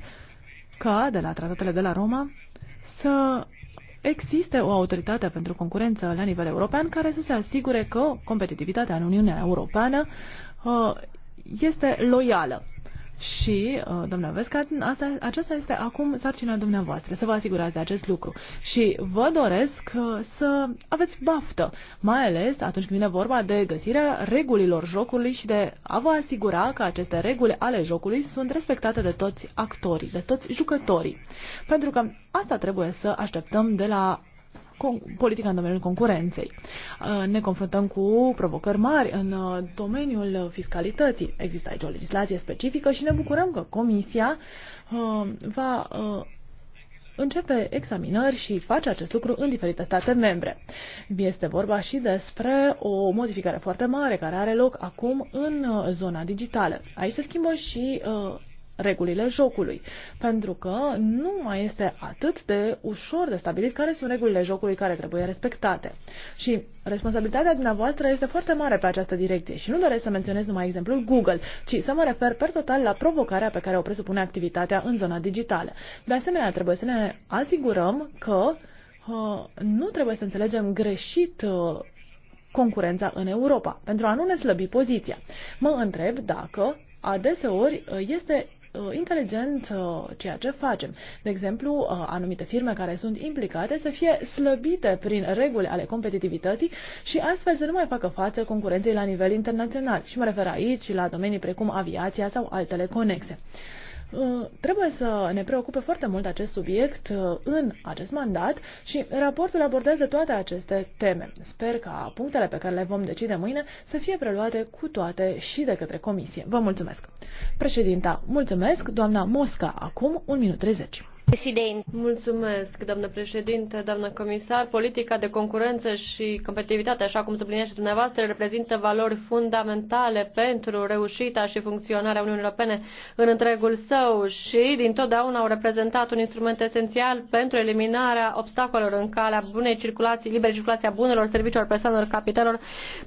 ca de la tratatele de la Roma să existe o autoritate pentru concurență la nivel european care să se asigure că competitivitatea în Uniunea Europeană uh, este loială. Și, uh, doamna Vesca, asta, aceasta este acum sarcina dumneavoastră, să vă asigurați de acest lucru. Și vă doresc uh, să aveți baftă, mai ales atunci când vine vorba de găsirea regulilor jocului și de a vă asigura că aceste reguli ale jocului sunt respectate de toți actorii, de toți jucătorii. Pentru că asta trebuie să așteptăm de la politica în domeniul concurenței. Uh, ne confruntăm cu provocări mari în uh, domeniul fiscalității. Există aici o legislație specifică și ne bucurăm că Comisia uh, va începe examinări și face acest lucru în diferite state membre. Este vorba și despre o modificare foarte mare care are loc acum în zona digitală. Aici se schimbă și uh, regulile jocului, pentru că nu mai este atât de ușor de stabilit care sunt regulile jocului care trebuie respectate. Și responsabilitatea dumneavoastră este foarte mare pe această direcție și nu doresc să menționez numai exemplul Google, ci să mă refer per total la provocarea pe care o presupune activitatea în zona digitală. De asemenea, trebuie să ne asigurăm că uh, nu trebuie să înțelegem greșit uh, concurența în Europa, pentru a nu ne slăbi poziția. Mă întreb dacă adeseori uh, este Uh, inteligent ceea ce facem. De exemplu, uh, anumite firme care sunt implicate să fie slăbite prin reguli ale competitivității și astfel să nu mai facă față concurenței la nivel internațional. Și mă refer aici la domenii precum aviația sau altele conexe. Uh, trebuie să ne preocupe foarte mult acest subiect uh, în acest mandat și raportul abordează toate aceste teme. Sper ca punctele pe care le vom decide mâine să fie preluate cu toate și de către Comisie. Vă mulțumesc! Președinta, mulțumesc! Doamna Mosca, acum 1 minut 30. Mulțumesc, doamnă președinte, doamnă comisar. Politica de concurență și competitivitate, așa cum subliniați dumneavoastră, reprezintă valori fundamentale pentru reușita și funcționarea Uniunii Europene în întregul său și din totdeauna au reprezentat un instrument esențial pentru eliminarea obstacolelor în calea bunei circulații, libere circulații a bunurilor, serviciilor, persoanelor, capitalelor,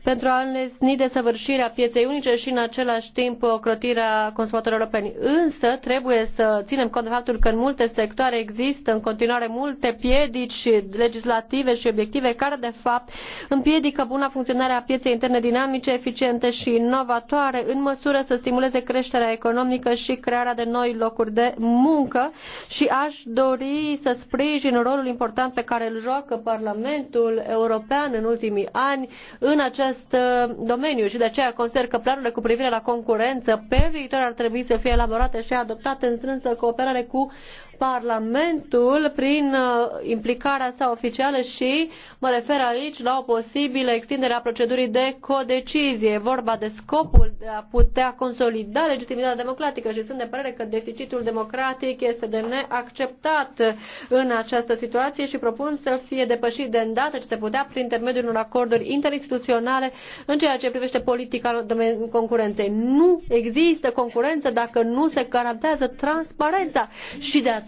pentru a înlesni desăvârșirea pieței unice și în același timp ocrotirea consumatorilor europeni. Însă trebuie să ținem cont de faptul că în multe sectoare sectoare există în continuare multe piedici legislative și obiective care, de fapt, împiedică buna funcționare a pieței interne dinamice, eficiente și inovatoare, în măsură să stimuleze creșterea economică și crearea de noi locuri de muncă și aș dori să sprijin rolul important pe care îl joacă Parlamentul European în ultimii ani în acest uh, domeniu și de aceea consider că planurile cu privire la concurență pe viitor ar trebui să fie elaborate și adoptate în strânsă cooperare cu Parlamentul prin uh, implicarea sa oficială și mă refer aici la o posibilă extindere a procedurii de codecizie. vorba de scopul de a putea consolida legitimitatea democratică și sunt de părere că deficitul democratic este de neacceptat în această situație și propun să fie depășit de îndată ce se putea prin intermediul unor acorduri interinstituționale în ceea ce privește politica concurenței. Nu există concurență dacă nu se garantează transparența și de aceea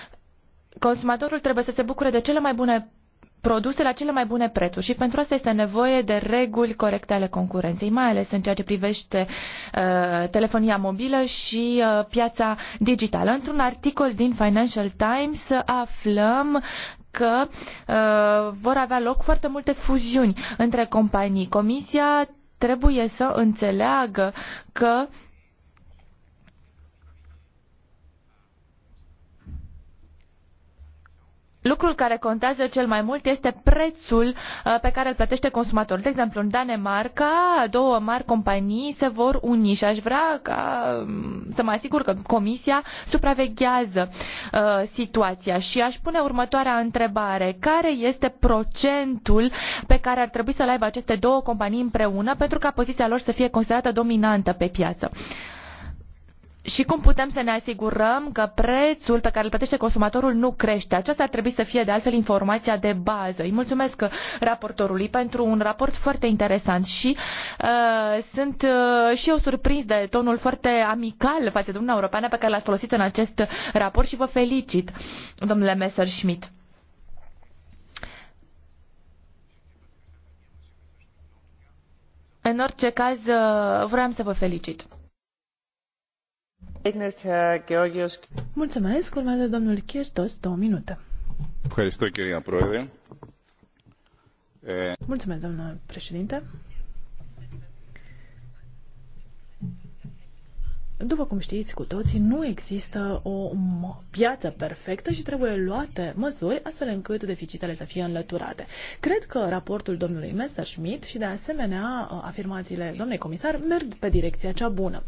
consumatorul trebuie să se bucure de cele mai bune produse la cele mai bune prețuri și pentru asta este nevoie de reguli corecte ale concurenței, mai ales în ceea ce privește uh, telefonia mobilă și uh, piața digitală. Într-un articol din Financial Times aflăm că uh, vor avea loc foarte multe fuziuni între companii. Comisia trebuie să înțeleagă că uh, lucrul care contează cel mai mult este prețul uh, pe care îl plătește consumatorul. De exemplu, în Danemarca, două mari companii se vor uni și aș vrea ca, um, să mă asigur că Comisia supraveghează uh, situația și aș pune următoarea întrebare. Care este procentul pe care ar trebui să-l aibă aceste două companii împreună pentru ca poziția lor să fie considerată dominantă pe piață? și cum putem să ne asigurăm că prețul pe care îl plătește consumatorul nu crește. Aceasta ar trebui să fie de altfel informația de bază. Îi mulțumesc raportorului pentru un raport foarte interesant și uh, sunt uh, și eu surprins de tonul foarte amical față de Uniunea Europeană pe care l-ați folosit în acest raport și vă felicit, domnule Messerschmidt. În orice caz, uh, vreau să vă felicit. Mulțumesc. Urmează domnul Chirstos, două minute. Mulțumesc, domnule președinte. După cum știți cu toții, nu există o piață perfectă și trebuie luate măsuri astfel încât deficitele să fie înlăturate. Cred că raportul domnului Messerschmidt și de asemenea afirmațiile domnului comisar merg pe direcția cea bună.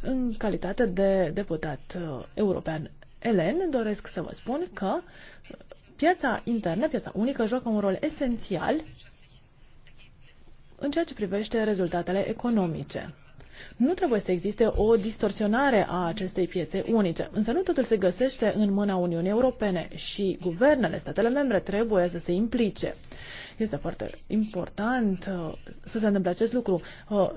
În calitate de deputat uh, european Elen, doresc să vă spun că piața internă, piața unică, joacă un rol esențial în ceea ce privește rezultatele economice. Nu trebuie să existe o distorsionare a acestei piețe unice, însă nu totul se găsește în mâna Uniunii Europene și guvernele, statele membre trebuie să se implice. Este foarte important uh, să se întâmple acest lucru. Uh,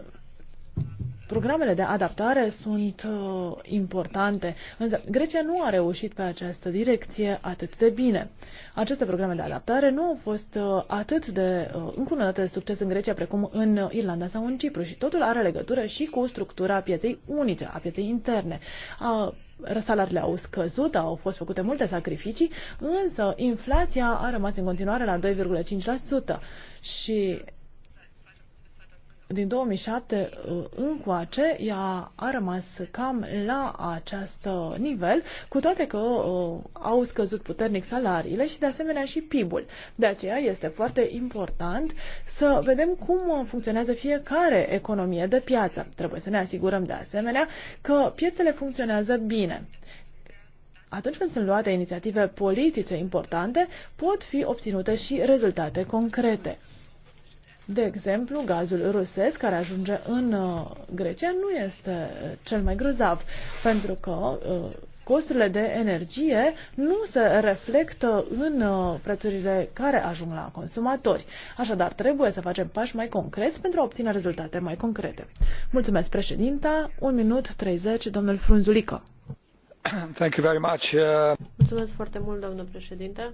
Programele de adaptare sunt uh, importante, însă Grecia nu a reușit pe această direcție atât de bine. Aceste programe de adaptare nu au fost uh, atât de uh, încununate de succes în Grecia precum în Irlanda sau în Cipru și totul are legătură și cu structura pieței unice, a pieței interne. Uh, salariile au scăzut, au fost făcute multe sacrificii, însă inflația a rămas în continuare la 2,5% și din 2007 uh, încoace, ea a rămas cam la acest nivel, cu toate că uh, au scăzut puternic salariile și de asemenea și PIB-ul. De aceea este foarte important să vedem cum funcționează fiecare economie de piață. Trebuie să ne asigurăm de asemenea că piețele funcționează bine atunci când sunt luate inițiative politice importante, pot fi obținute și rezultate concrete. De exemplu, gazul rusesc care ajunge în uh, Grecia nu este uh, cel mai grozav, pentru că uh, costurile de energie nu se reflectă în prețurile care ajung la consumatori. Așadar, trebuie să facem pași mai concreți pentru a obține rezultate mai concrete. Mulțumesc, președinta. Un minut 30, domnul Frunzulică. Thank you very much. Mulțumesc foarte mult, domnul președinte.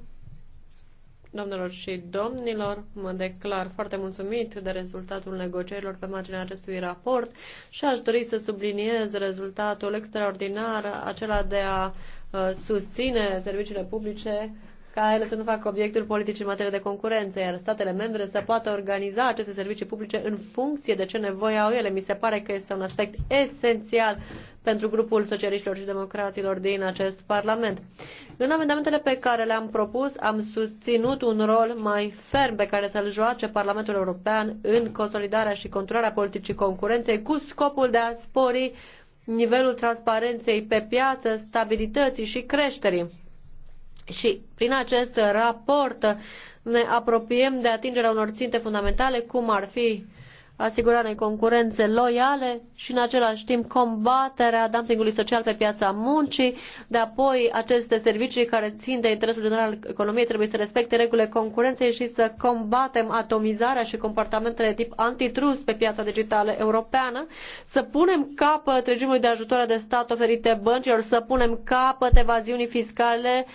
Domnilor și domnilor, mă declar foarte mulțumit de rezultatul negocierilor pe marginea acestui raport și aș dori să subliniez rezultatul extraordinar, acela de a uh, susține serviciile publice ca ele să nu facă obiectul politic în materie de concurență, iar statele membre să poată organiza aceste servicii publice în funcție de ce nevoie au ele. Mi se pare că este un aspect esențial pentru grupul socialiștilor și democraților din acest Parlament. În amendamentele pe care le-am propus, am susținut un rol mai ferm pe care să-l joace Parlamentul European în consolidarea și controlarea politicii concurenței cu scopul de a spori nivelul transparenței pe piață, stabilității și creșterii. Și prin acest raport ne apropiem de atingerea unor ținte fundamentale, cum ar fi asigurarea concurențe loiale și în același timp combaterea dumpingului social pe piața muncii, de apoi aceste servicii care țin de interesul general al economiei trebuie să respecte regulile concurenței și să combatem atomizarea și comportamentele de tip antitrust pe piața digitală europeană, să punem capăt regimului de ajutoare de stat oferite băncilor, să punem capăt evaziunii fiscale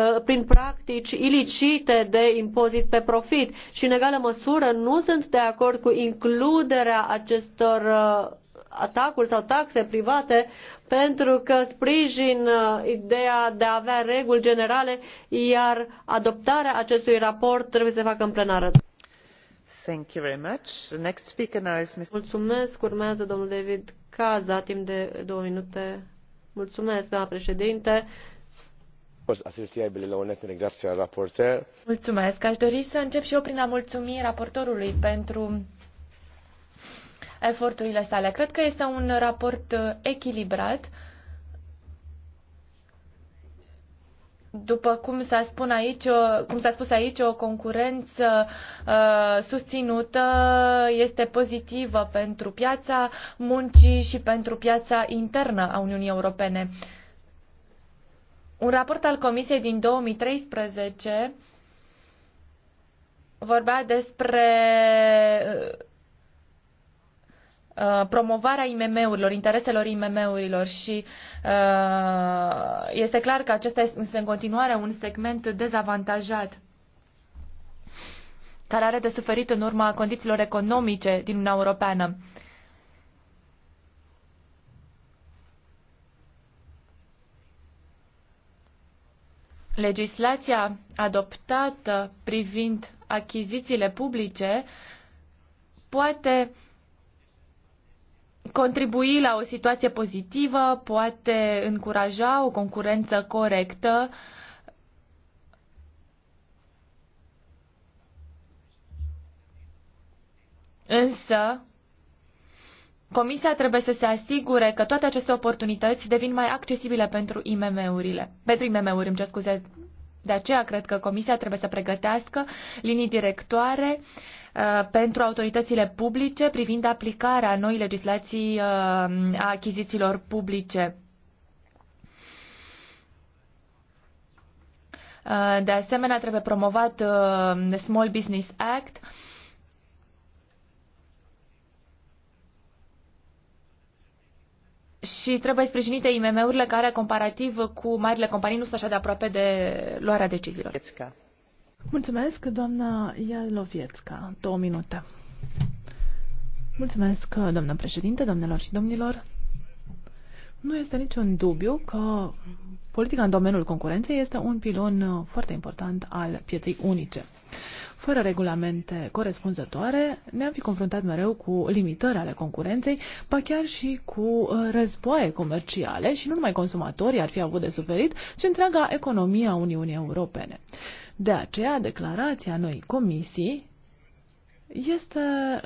Uh, prin practici ilicite de impozit pe profit și în egală măsură nu sunt de acord cu includerea acestor uh, atacuri sau taxe private pentru că sprijin uh, ideea de a avea reguli generale, iar adoptarea acestui raport trebuie să se facă în plenară. Thank you very much. The next speaker now is Mr. Mulțumesc. Urmează domnul David Caza, timp de două minute. Mulțumesc, doamna președinte. Mulțumesc. Aș dori să încep și eu prin a mulțumi raportorului pentru eforturile sale. Cred că este un raport uh, echilibrat. După cum s-a, spus aici, o, cum s-a spus aici, o concurență uh, susținută este pozitivă pentru piața muncii și pentru piața internă a Uniunii Europene. Uh, un raport al Comisiei din 2013 vorbea despre uh, uh, promovarea IMM-urilor, intereselor IMM-urilor și uh, este clar că acesta este în continuare un segment dezavantajat care are de suferit în urma condițiilor economice din Uniunea Europeană. Legislația adoptată privind achizițiile publice poate contribui la o situație pozitivă, poate încuraja o concurență corectă. Însă, Comisia trebuie să se asigure că toate aceste oportunități devin mai accesibile pentru IMM-urile. Pentru IMM-uri, îmi cer scuze. De aceea cred că Comisia trebuie să pregătească linii directoare uh, pentru autoritățile publice privind aplicarea noii legislații uh, a achizițiilor publice. Uh, de asemenea, trebuie promovat Small Business Act și trebuie sprijinite IMM-urile care, comparativ cu marile companii, nu sunt așa de aproape de luarea deciziilor. Mulțumesc, doamna Ialovietska. Două minute. Mulțumesc, doamnă președinte, doamnelor și domnilor. Nu este niciun dubiu că politica în domeniul concurenței este un pilon foarte important al pieței unice. Fără regulamente corespunzătoare, ne-am fi confruntat mereu cu limitări ale concurenței, pa chiar și cu uh, războaie comerciale și nu numai consumatorii ar fi avut de suferit, ci întreaga economie a Uniunii Europene. De aceea, declarația noi comisii este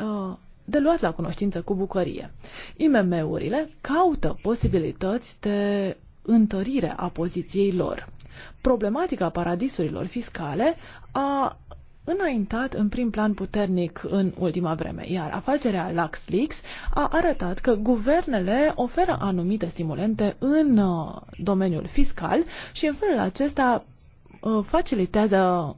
uh, de luat la cunoștință cu bucărie. IMM-urile caută posibilități de întărire a poziției lor. Problematica paradisurilor fiscale a înaintat în prim plan puternic în ultima vreme, iar afacerea LuxLeaks a arătat că guvernele oferă anumite stimulente în uh, domeniul fiscal și în felul acesta uh, facilitează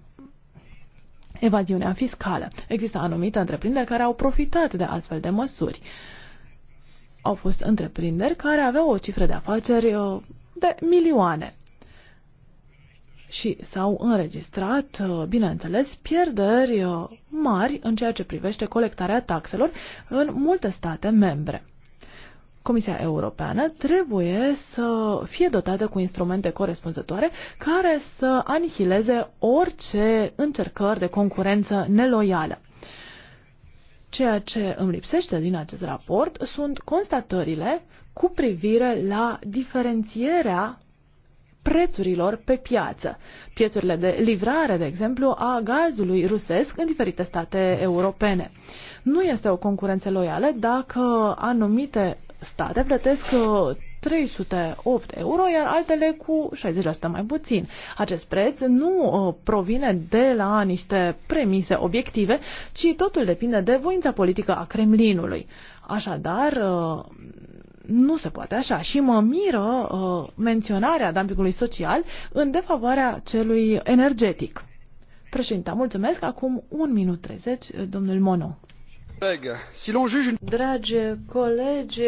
evaziunea fiscală. Există anumite întreprinderi care au profitat de astfel de măsuri. Au fost întreprinderi care aveau o cifră de afaceri uh, de milioane și s-au înregistrat, uh, bineînțeles, pierderi uh, mari în ceea ce privește colectarea taxelor în multe state membre. Comisia Europeană trebuie să fie dotată cu instrumente corespunzătoare care să anihileze orice încercări de concurență neloială. Ceea ce îmi lipsește din acest raport sunt constatările cu privire la diferențierea prețurilor pe piață. Piețurile de livrare, de exemplu, a gazului rusesc în diferite state europene. Nu este o concurență loială dacă anumite state plătesc 308 uh, euro, iar altele cu 60% mai puțin. Acest preț nu uh, provine de la niște premise obiective, ci totul depinde de voința politică a Kremlinului. Așadar, uh, nu se poate așa și mă miră uh, menționarea dumpingului social în defavoarea celui energetic. Președinte, mulțumesc. Acum 1 minut 30, domnul Mono. Dragi colegi,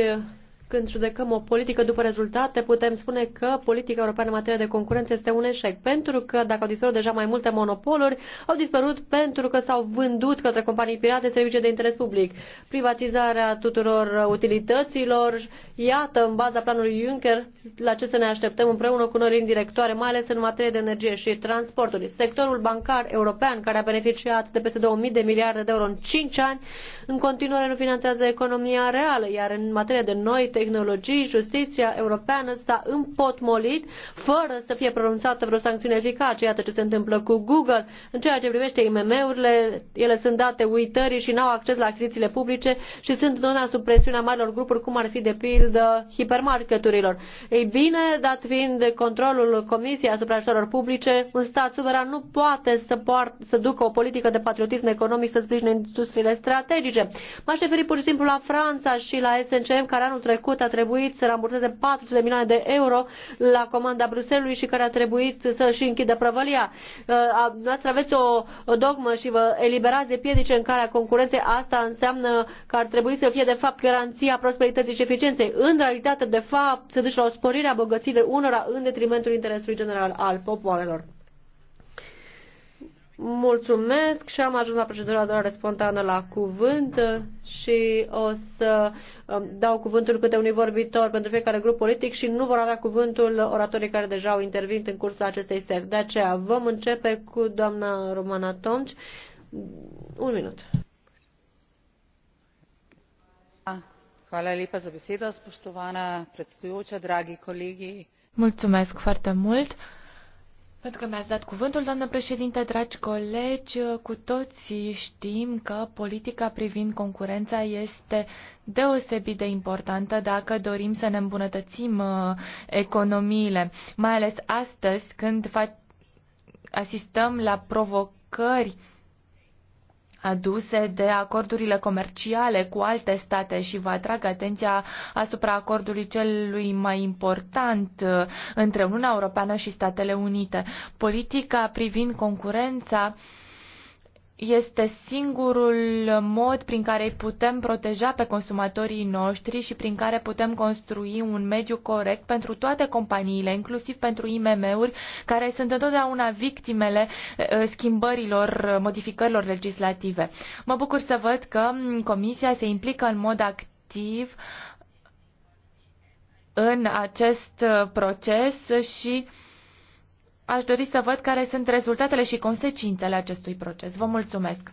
când judecăm o politică după rezultate, putem spune că politica europeană în materie de concurență este un eșec, pentru că dacă au dispărut deja mai multe monopoluri, au dispărut pentru că s-au vândut către companii pirate servicii de interes public. Privatizarea tuturor utilităților, iată, în baza planului Juncker, la ce să ne așteptăm împreună cu noi în directoare, mai ales în materie de energie și transporturi. Sectorul bancar european, care a beneficiat de peste 2000 de miliarde de euro în 5 ani, în continuare nu finanțează economia reală, iar în materie de noi tehnologii, justiția europeană s-a împotmolit fără să fie pronunțată vreo sancțiune eficace. Iată ce se întâmplă cu Google. În ceea ce privește IMM-urile, ele sunt date uitării și n-au acces la achizițiile publice și sunt întotdeauna sub presiunea marilor grupuri, cum ar fi de pildă hipermarketurilor. Ei bine, dat fiind de controlul Comisiei asupra ajutorilor publice, un stat suveran nu poate să, poart, să ducă o politică de patriotism economic să sprijine industriile strategice merge. M-aș referi pur și simplu la Franța și la SNCM, care anul trecut a trebuit să ramburseze 400 de milioane de euro la comanda Bruselului și care a trebuit să-și închidă prăvălia. Uh, Noastră aveți o, o dogmă și vă eliberați de piedice în calea concurenței. Asta înseamnă că ar trebui să fie, de fapt, garanția prosperității și eficienței. În realitate, de fapt, se duce la o sporire a bogăților unora în detrimentul interesului general al popoarelor. Mulțumesc și am ajuns la procedura de orare spontană la cuvânt și o să um, dau cuvântul câte unui vorbitor pentru fiecare grup politic și nu vor avea cuvântul oratorii care deja au intervint în cursul acestei seri. De aceea vom începe cu doamna Romana Tomci. Un minut. Hvala lepa za besedo, spoštovana predsedujoča, dragi kolegi. Mulțumesc foarte mult. Pentru că mi-ați dat cuvântul, doamnă președinte, dragi colegi, cu toții știm că politica privind concurența este deosebit de importantă dacă dorim să ne îmbunătățim uh, economiile, mai ales astăzi când asistăm la provocări aduse de acordurile comerciale cu alte state și vă atrag atenția asupra acordului celui mai important uh, între Uniunea Europeană și Statele Unite. Politica privind concurența este singurul mod prin care îi putem proteja pe consumatorii noștri și prin care putem construi un mediu corect pentru toate companiile, inclusiv pentru IMM-uri, care sunt întotdeauna victimele eh, schimbărilor, modificărilor legislative. Mă bucur să văd că Comisia se implică în mod activ în acest eh, proces și uh, Aș dori să văd care sunt rezultatele și consecințele acestui proces. Vă mulțumesc!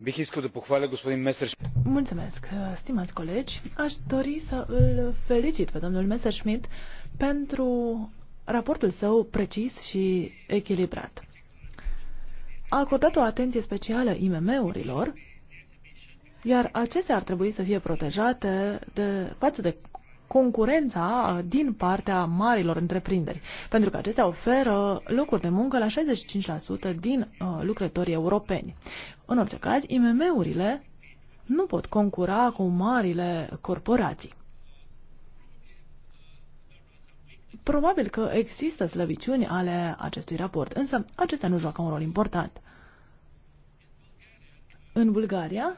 da Mulțumesc, stimați colegi. Aș dori să îl felicit pe domnul Messerschmidt pentru raportul său precis și echilibrat. A acordat o atenție specială IMM-urilor, iar acestea ar trebui să fie protejate de, față de concurența uh, din partea marilor întreprinderi, pentru că acestea oferă locuri de muncă la 65% din uh, lucrătorii europeni. În orice caz, IMM-urile nu pot concura cu marile corporații. Probabil că există slăbiciuni ale acestui raport, însă acestea nu joacă un rol important. În Bulgaria,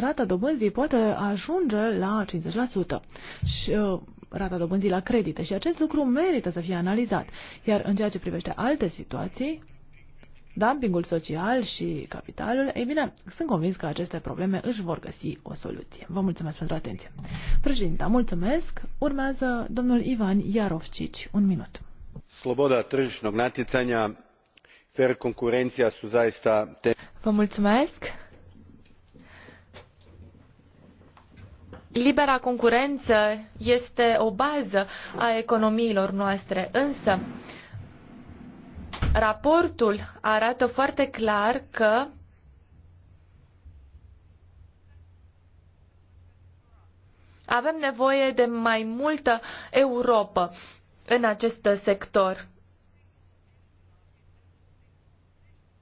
rata dobânzii poate ajunge la 50% și uh, rata dobânzii la credite și acest lucru merită să fie analizat. Iar în ceea ce privește alte situații, dumpingul social și capitalul, ei bine, sunt convins că aceste probleme își vor găsi o soluție. Vă mulțumesc pentru atenție. Președinta, mulțumesc. Urmează domnul Ivan Iarovcici. Un minut. Sloboda tržišnog natjecanja, fair konkurencija su zaista... Vă mulțumesc Libera concurență este o bază a economiilor noastre, însă raportul arată foarte clar că avem nevoie de mai multă Europa în acest sector.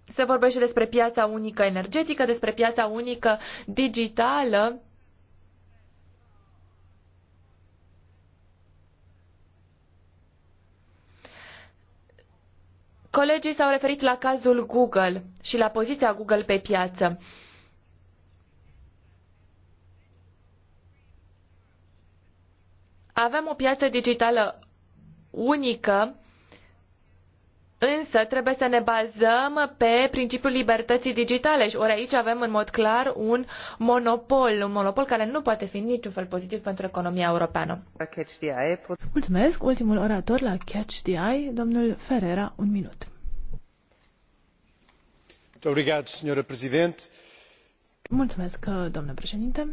Se vorbește despre piața unică energetică, despre piața unică digitală Colegii s-au referit la cazul Google și la poziția Google pe piață. Avem o piață digitală unică Însă trebuie să ne bazăm pe principiul libertății digitale și ori aici avem în mod clar un monopol, un monopol care nu poate fi niciun fel pozitiv pentru economia europeană. Mulțumesc. Ultimul orator la Catch the Eye, domnul Ferreira, un minut. Mulțumesc, domnule președinte.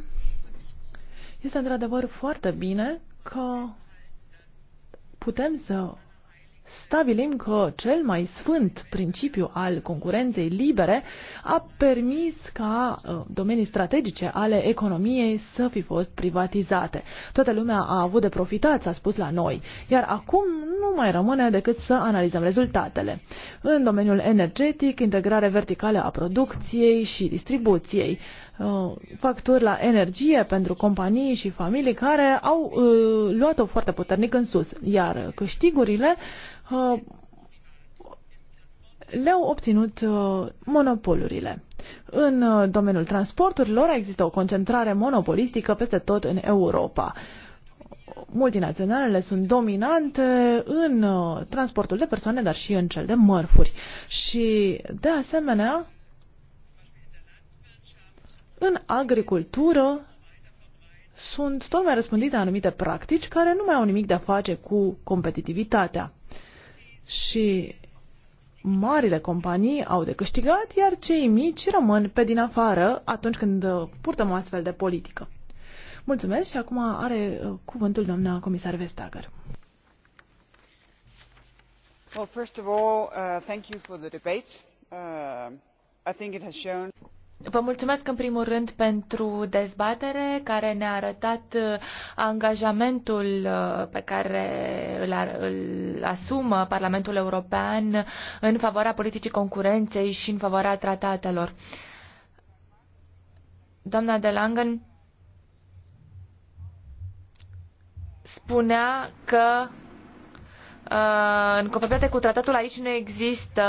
Este într-adevăr foarte bine că putem să stabilim că cel mai sfânt principiu al concurenței libere a permis ca uh, domenii strategice ale economiei să fi fost privatizate. Toată lumea a avut de profitat, s-a spus la noi, iar acum nu mai rămâne decât să analizăm rezultatele. În domeniul energetic, integrare verticală a producției și distribuției, Uh, facturi la energie pentru companii și familii care au uh, luat-o foarte puternic în sus, iar câștigurile uh, le-au obținut uh, monopolurile. În uh, domeniul transporturilor există o concentrare monopolistică peste tot în Europa. Multinaționalele sunt dominante în uh, transportul de persoane, dar și în cel de mărfuri. Și, de asemenea, în agricultură sunt tot mai răspândite anumite practici care nu mai au nimic de a face cu competitivitatea. Și marile companii au de câștigat, iar cei mici rămân pe din afară atunci când uh, purtăm o astfel de politică. Mulțumesc și acum are uh, cuvântul doamna comisar Vestager. Well, first of all, uh, thank you for the debate. Uh, I think it has shown Vă mulțumesc în primul rând pentru dezbatere care ne-a arătat uh, angajamentul uh, pe care îl, îl asumă Parlamentul European în favoarea politicii concurenței și în favoarea tratatelor. Doamna de Langen spunea că în conformitate cu tratatul aici nu există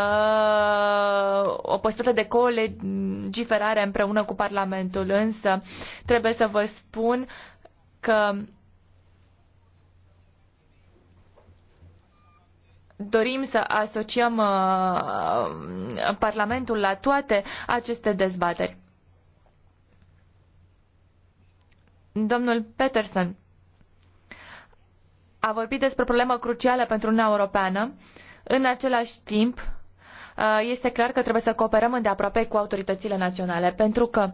uh, o posibilitate de colegiferare împreună cu Parlamentul, însă trebuie să vă spun că dorim să asociem uh, Parlamentul la toate aceste dezbateri. Domnul Peterson, a vorbit despre o problemă crucială pentru Uniunea Europeană. În același timp, uh, este clar că trebuie să cooperăm îndeaproape cu autoritățile naționale, pentru că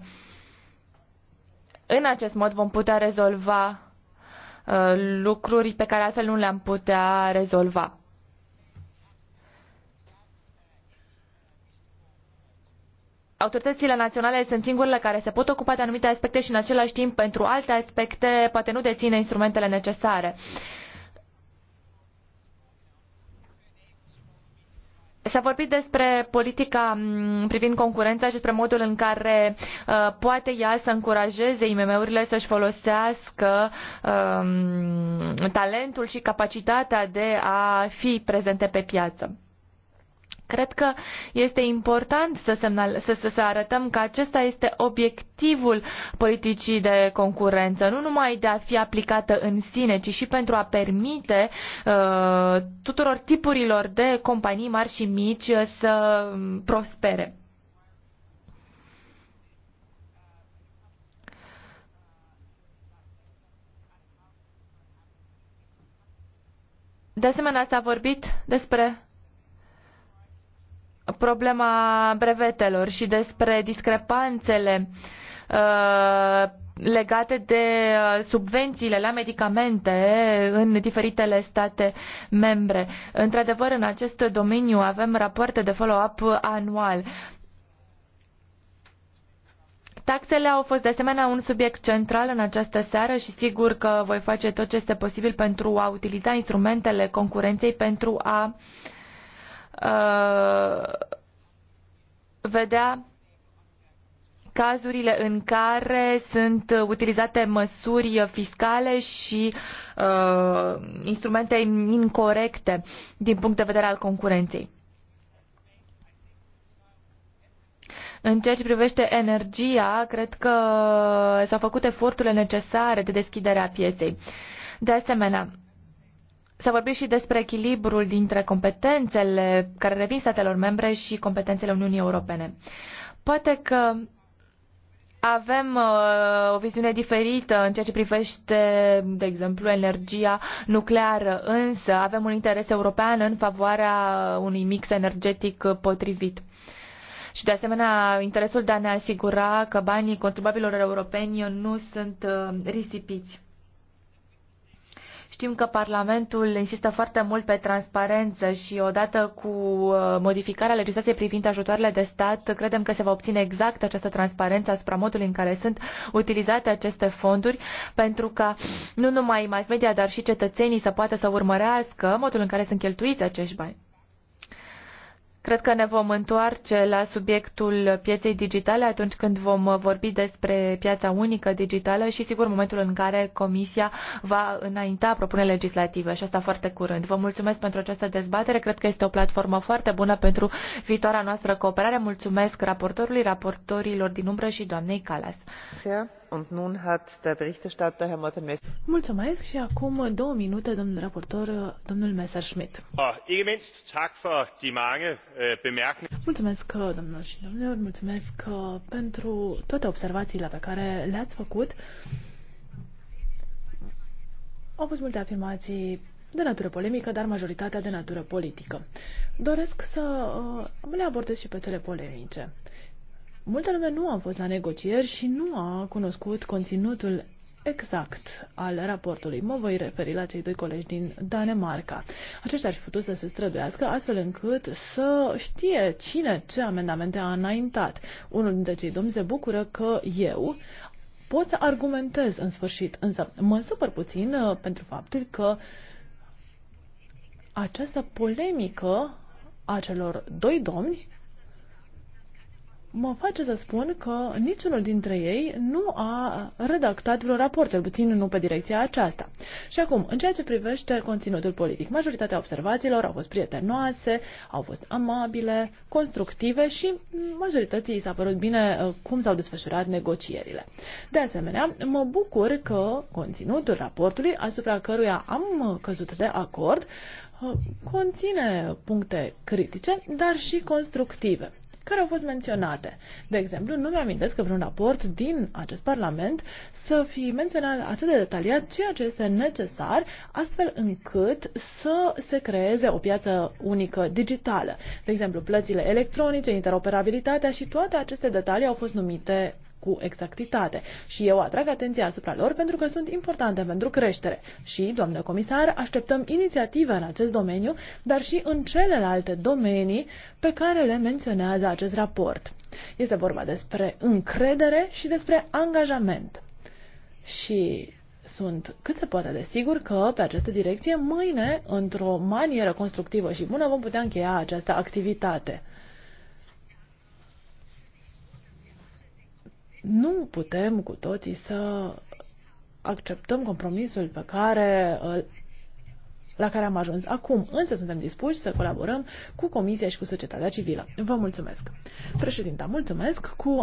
în acest mod vom putea rezolva uh, lucruri pe care altfel nu le-am putea rezolva. autoritățile naționale sunt singurele care se pot ocupa de anumite aspecte și în același timp pentru alte aspecte poate nu dețin instrumentele necesare. Uh, S-a vorbit despre politica mm, privind concurența și despre modul în care uh, poate ea să încurajeze IMM-urile să-și folosească uh, talentul și capacitatea de a fi prezente pe piață. Cred că este important să, semnal, să, să, să arătăm că acesta este obiectivul politicii de concurență, nu numai de a fi aplicată în sine, ci și pentru a permite uh, tuturor tipurilor de companii mari și mici uh, să prospere. De asemenea, s-a vorbit despre problema brevetelor și despre discrepanțele uh, legate de uh, subvențiile la medicamente în diferitele state membre. Într-adevăr, în acest domeniu avem rapoarte de follow-up anual. Taxele au fost de asemenea un subiect central în această seară și sigur că voi face tot ce este posibil pentru a utiliza instrumentele concurenței pentru a uh, Uh, vedea cazurile în care sunt utilizate măsuri fiscale și uh, instrumente incorrecte din punct de vedere al concurenței. În ceea ce privește energia, cred că s-au făcut eforturile necesare de deschidere a pieței. De asemenea, S-a vorbit și despre echilibrul dintre competențele care revin statelor membre și competențele Uniunii Europene. Poate că avem uh, o viziune diferită în ceea ce privește, de exemplu, energia nucleară, însă avem un interes european în favoarea unui mix energetic potrivit. Și, de asemenea, interesul de a ne asigura că banii contribuabililor europeni nu sunt uh, risipiți. Știm că Parlamentul insistă foarte mult pe transparență și odată cu uh, modificarea legislației privind ajutoarele de stat, credem că se va obține exact această transparență asupra modului în care sunt utilizate aceste fonduri, pentru ca nu numai mass media, dar și cetățenii să poată să urmărească modul în care sunt cheltuiți acești bani. Cred că ne vom întoarce la subiectul pieței digitale atunci când vom vorbi despre piața unică digitală și sigur momentul în care Comisia va înainta propuneri legislative și asta foarte curând. Vă mulțumesc pentru această dezbatere. Cred că este o platformă foarte bună pentru viitoarea noastră cooperare. Mulțumesc raportorului, raportorilor din umbră și doamnei Calas. Yeah. Mulțumesc și acum două minute, domnul raportor, domnul Messerschmidt. Ah, øh, mulțumesc, domnilor și domnilor, mulțumesc uh, pentru toate observațiile pe care le-ați făcut. Au fost multe afirmații de natură polemică, dar majoritatea de natură politică. Doresc să uh, le abordez și pe cele polemice. Multă lume nu a fost la negocieri și nu a cunoscut conținutul exact al raportului. Mă voi referi la cei doi colegi din Danemarca. Aceștia ar fi putut să se străduiască astfel încât să știe cine ce amendamente a înaintat. Unul dintre cei domni se bucură că eu pot să argumentez în sfârșit, însă mă supăr puțin uh, pentru faptul că această polemică a celor doi domni mă face să spun că niciunul dintre ei nu a redactat vreo raport, cel puțin nu pe direcția aceasta. Și acum, în ceea ce privește conținutul politic, majoritatea observațiilor au fost prietenoase, au fost amabile, constructive și majoritatea s-a părut bine uh, cum s-au desfășurat negocierile. De asemenea, mă bucur că conținutul raportului, asupra căruia am căzut de acord, uh, conține puncte critice, dar și constructive care au fost menționate. De exemplu, nu mi-amintesc că vreun raport din acest Parlament să fi menționat atât de detaliat ceea ce este necesar, astfel încât să se creeze o piață unică digitală. De exemplu, plățile electronice, interoperabilitatea și toate aceste detalii au fost numite cu exactitate și eu atrag atenția asupra lor pentru că sunt importante pentru creștere. Și, doamnă comisar, așteptăm inițiative în acest domeniu, dar și în celelalte domenii pe care le menționează acest raport. Este vorba despre încredere și despre angajament. Și sunt cât se poate de sigur că pe această direcție mâine, într-o manieră constructivă și bună, vom putea încheia această activitate. Nu putem cu toții să acceptăm compromisul pe care la care am ajuns acum, însă suntem dispuși să colaborăm cu Comisia și cu societatea civilă. Vă mulțumesc. Președinta, mulțumesc cu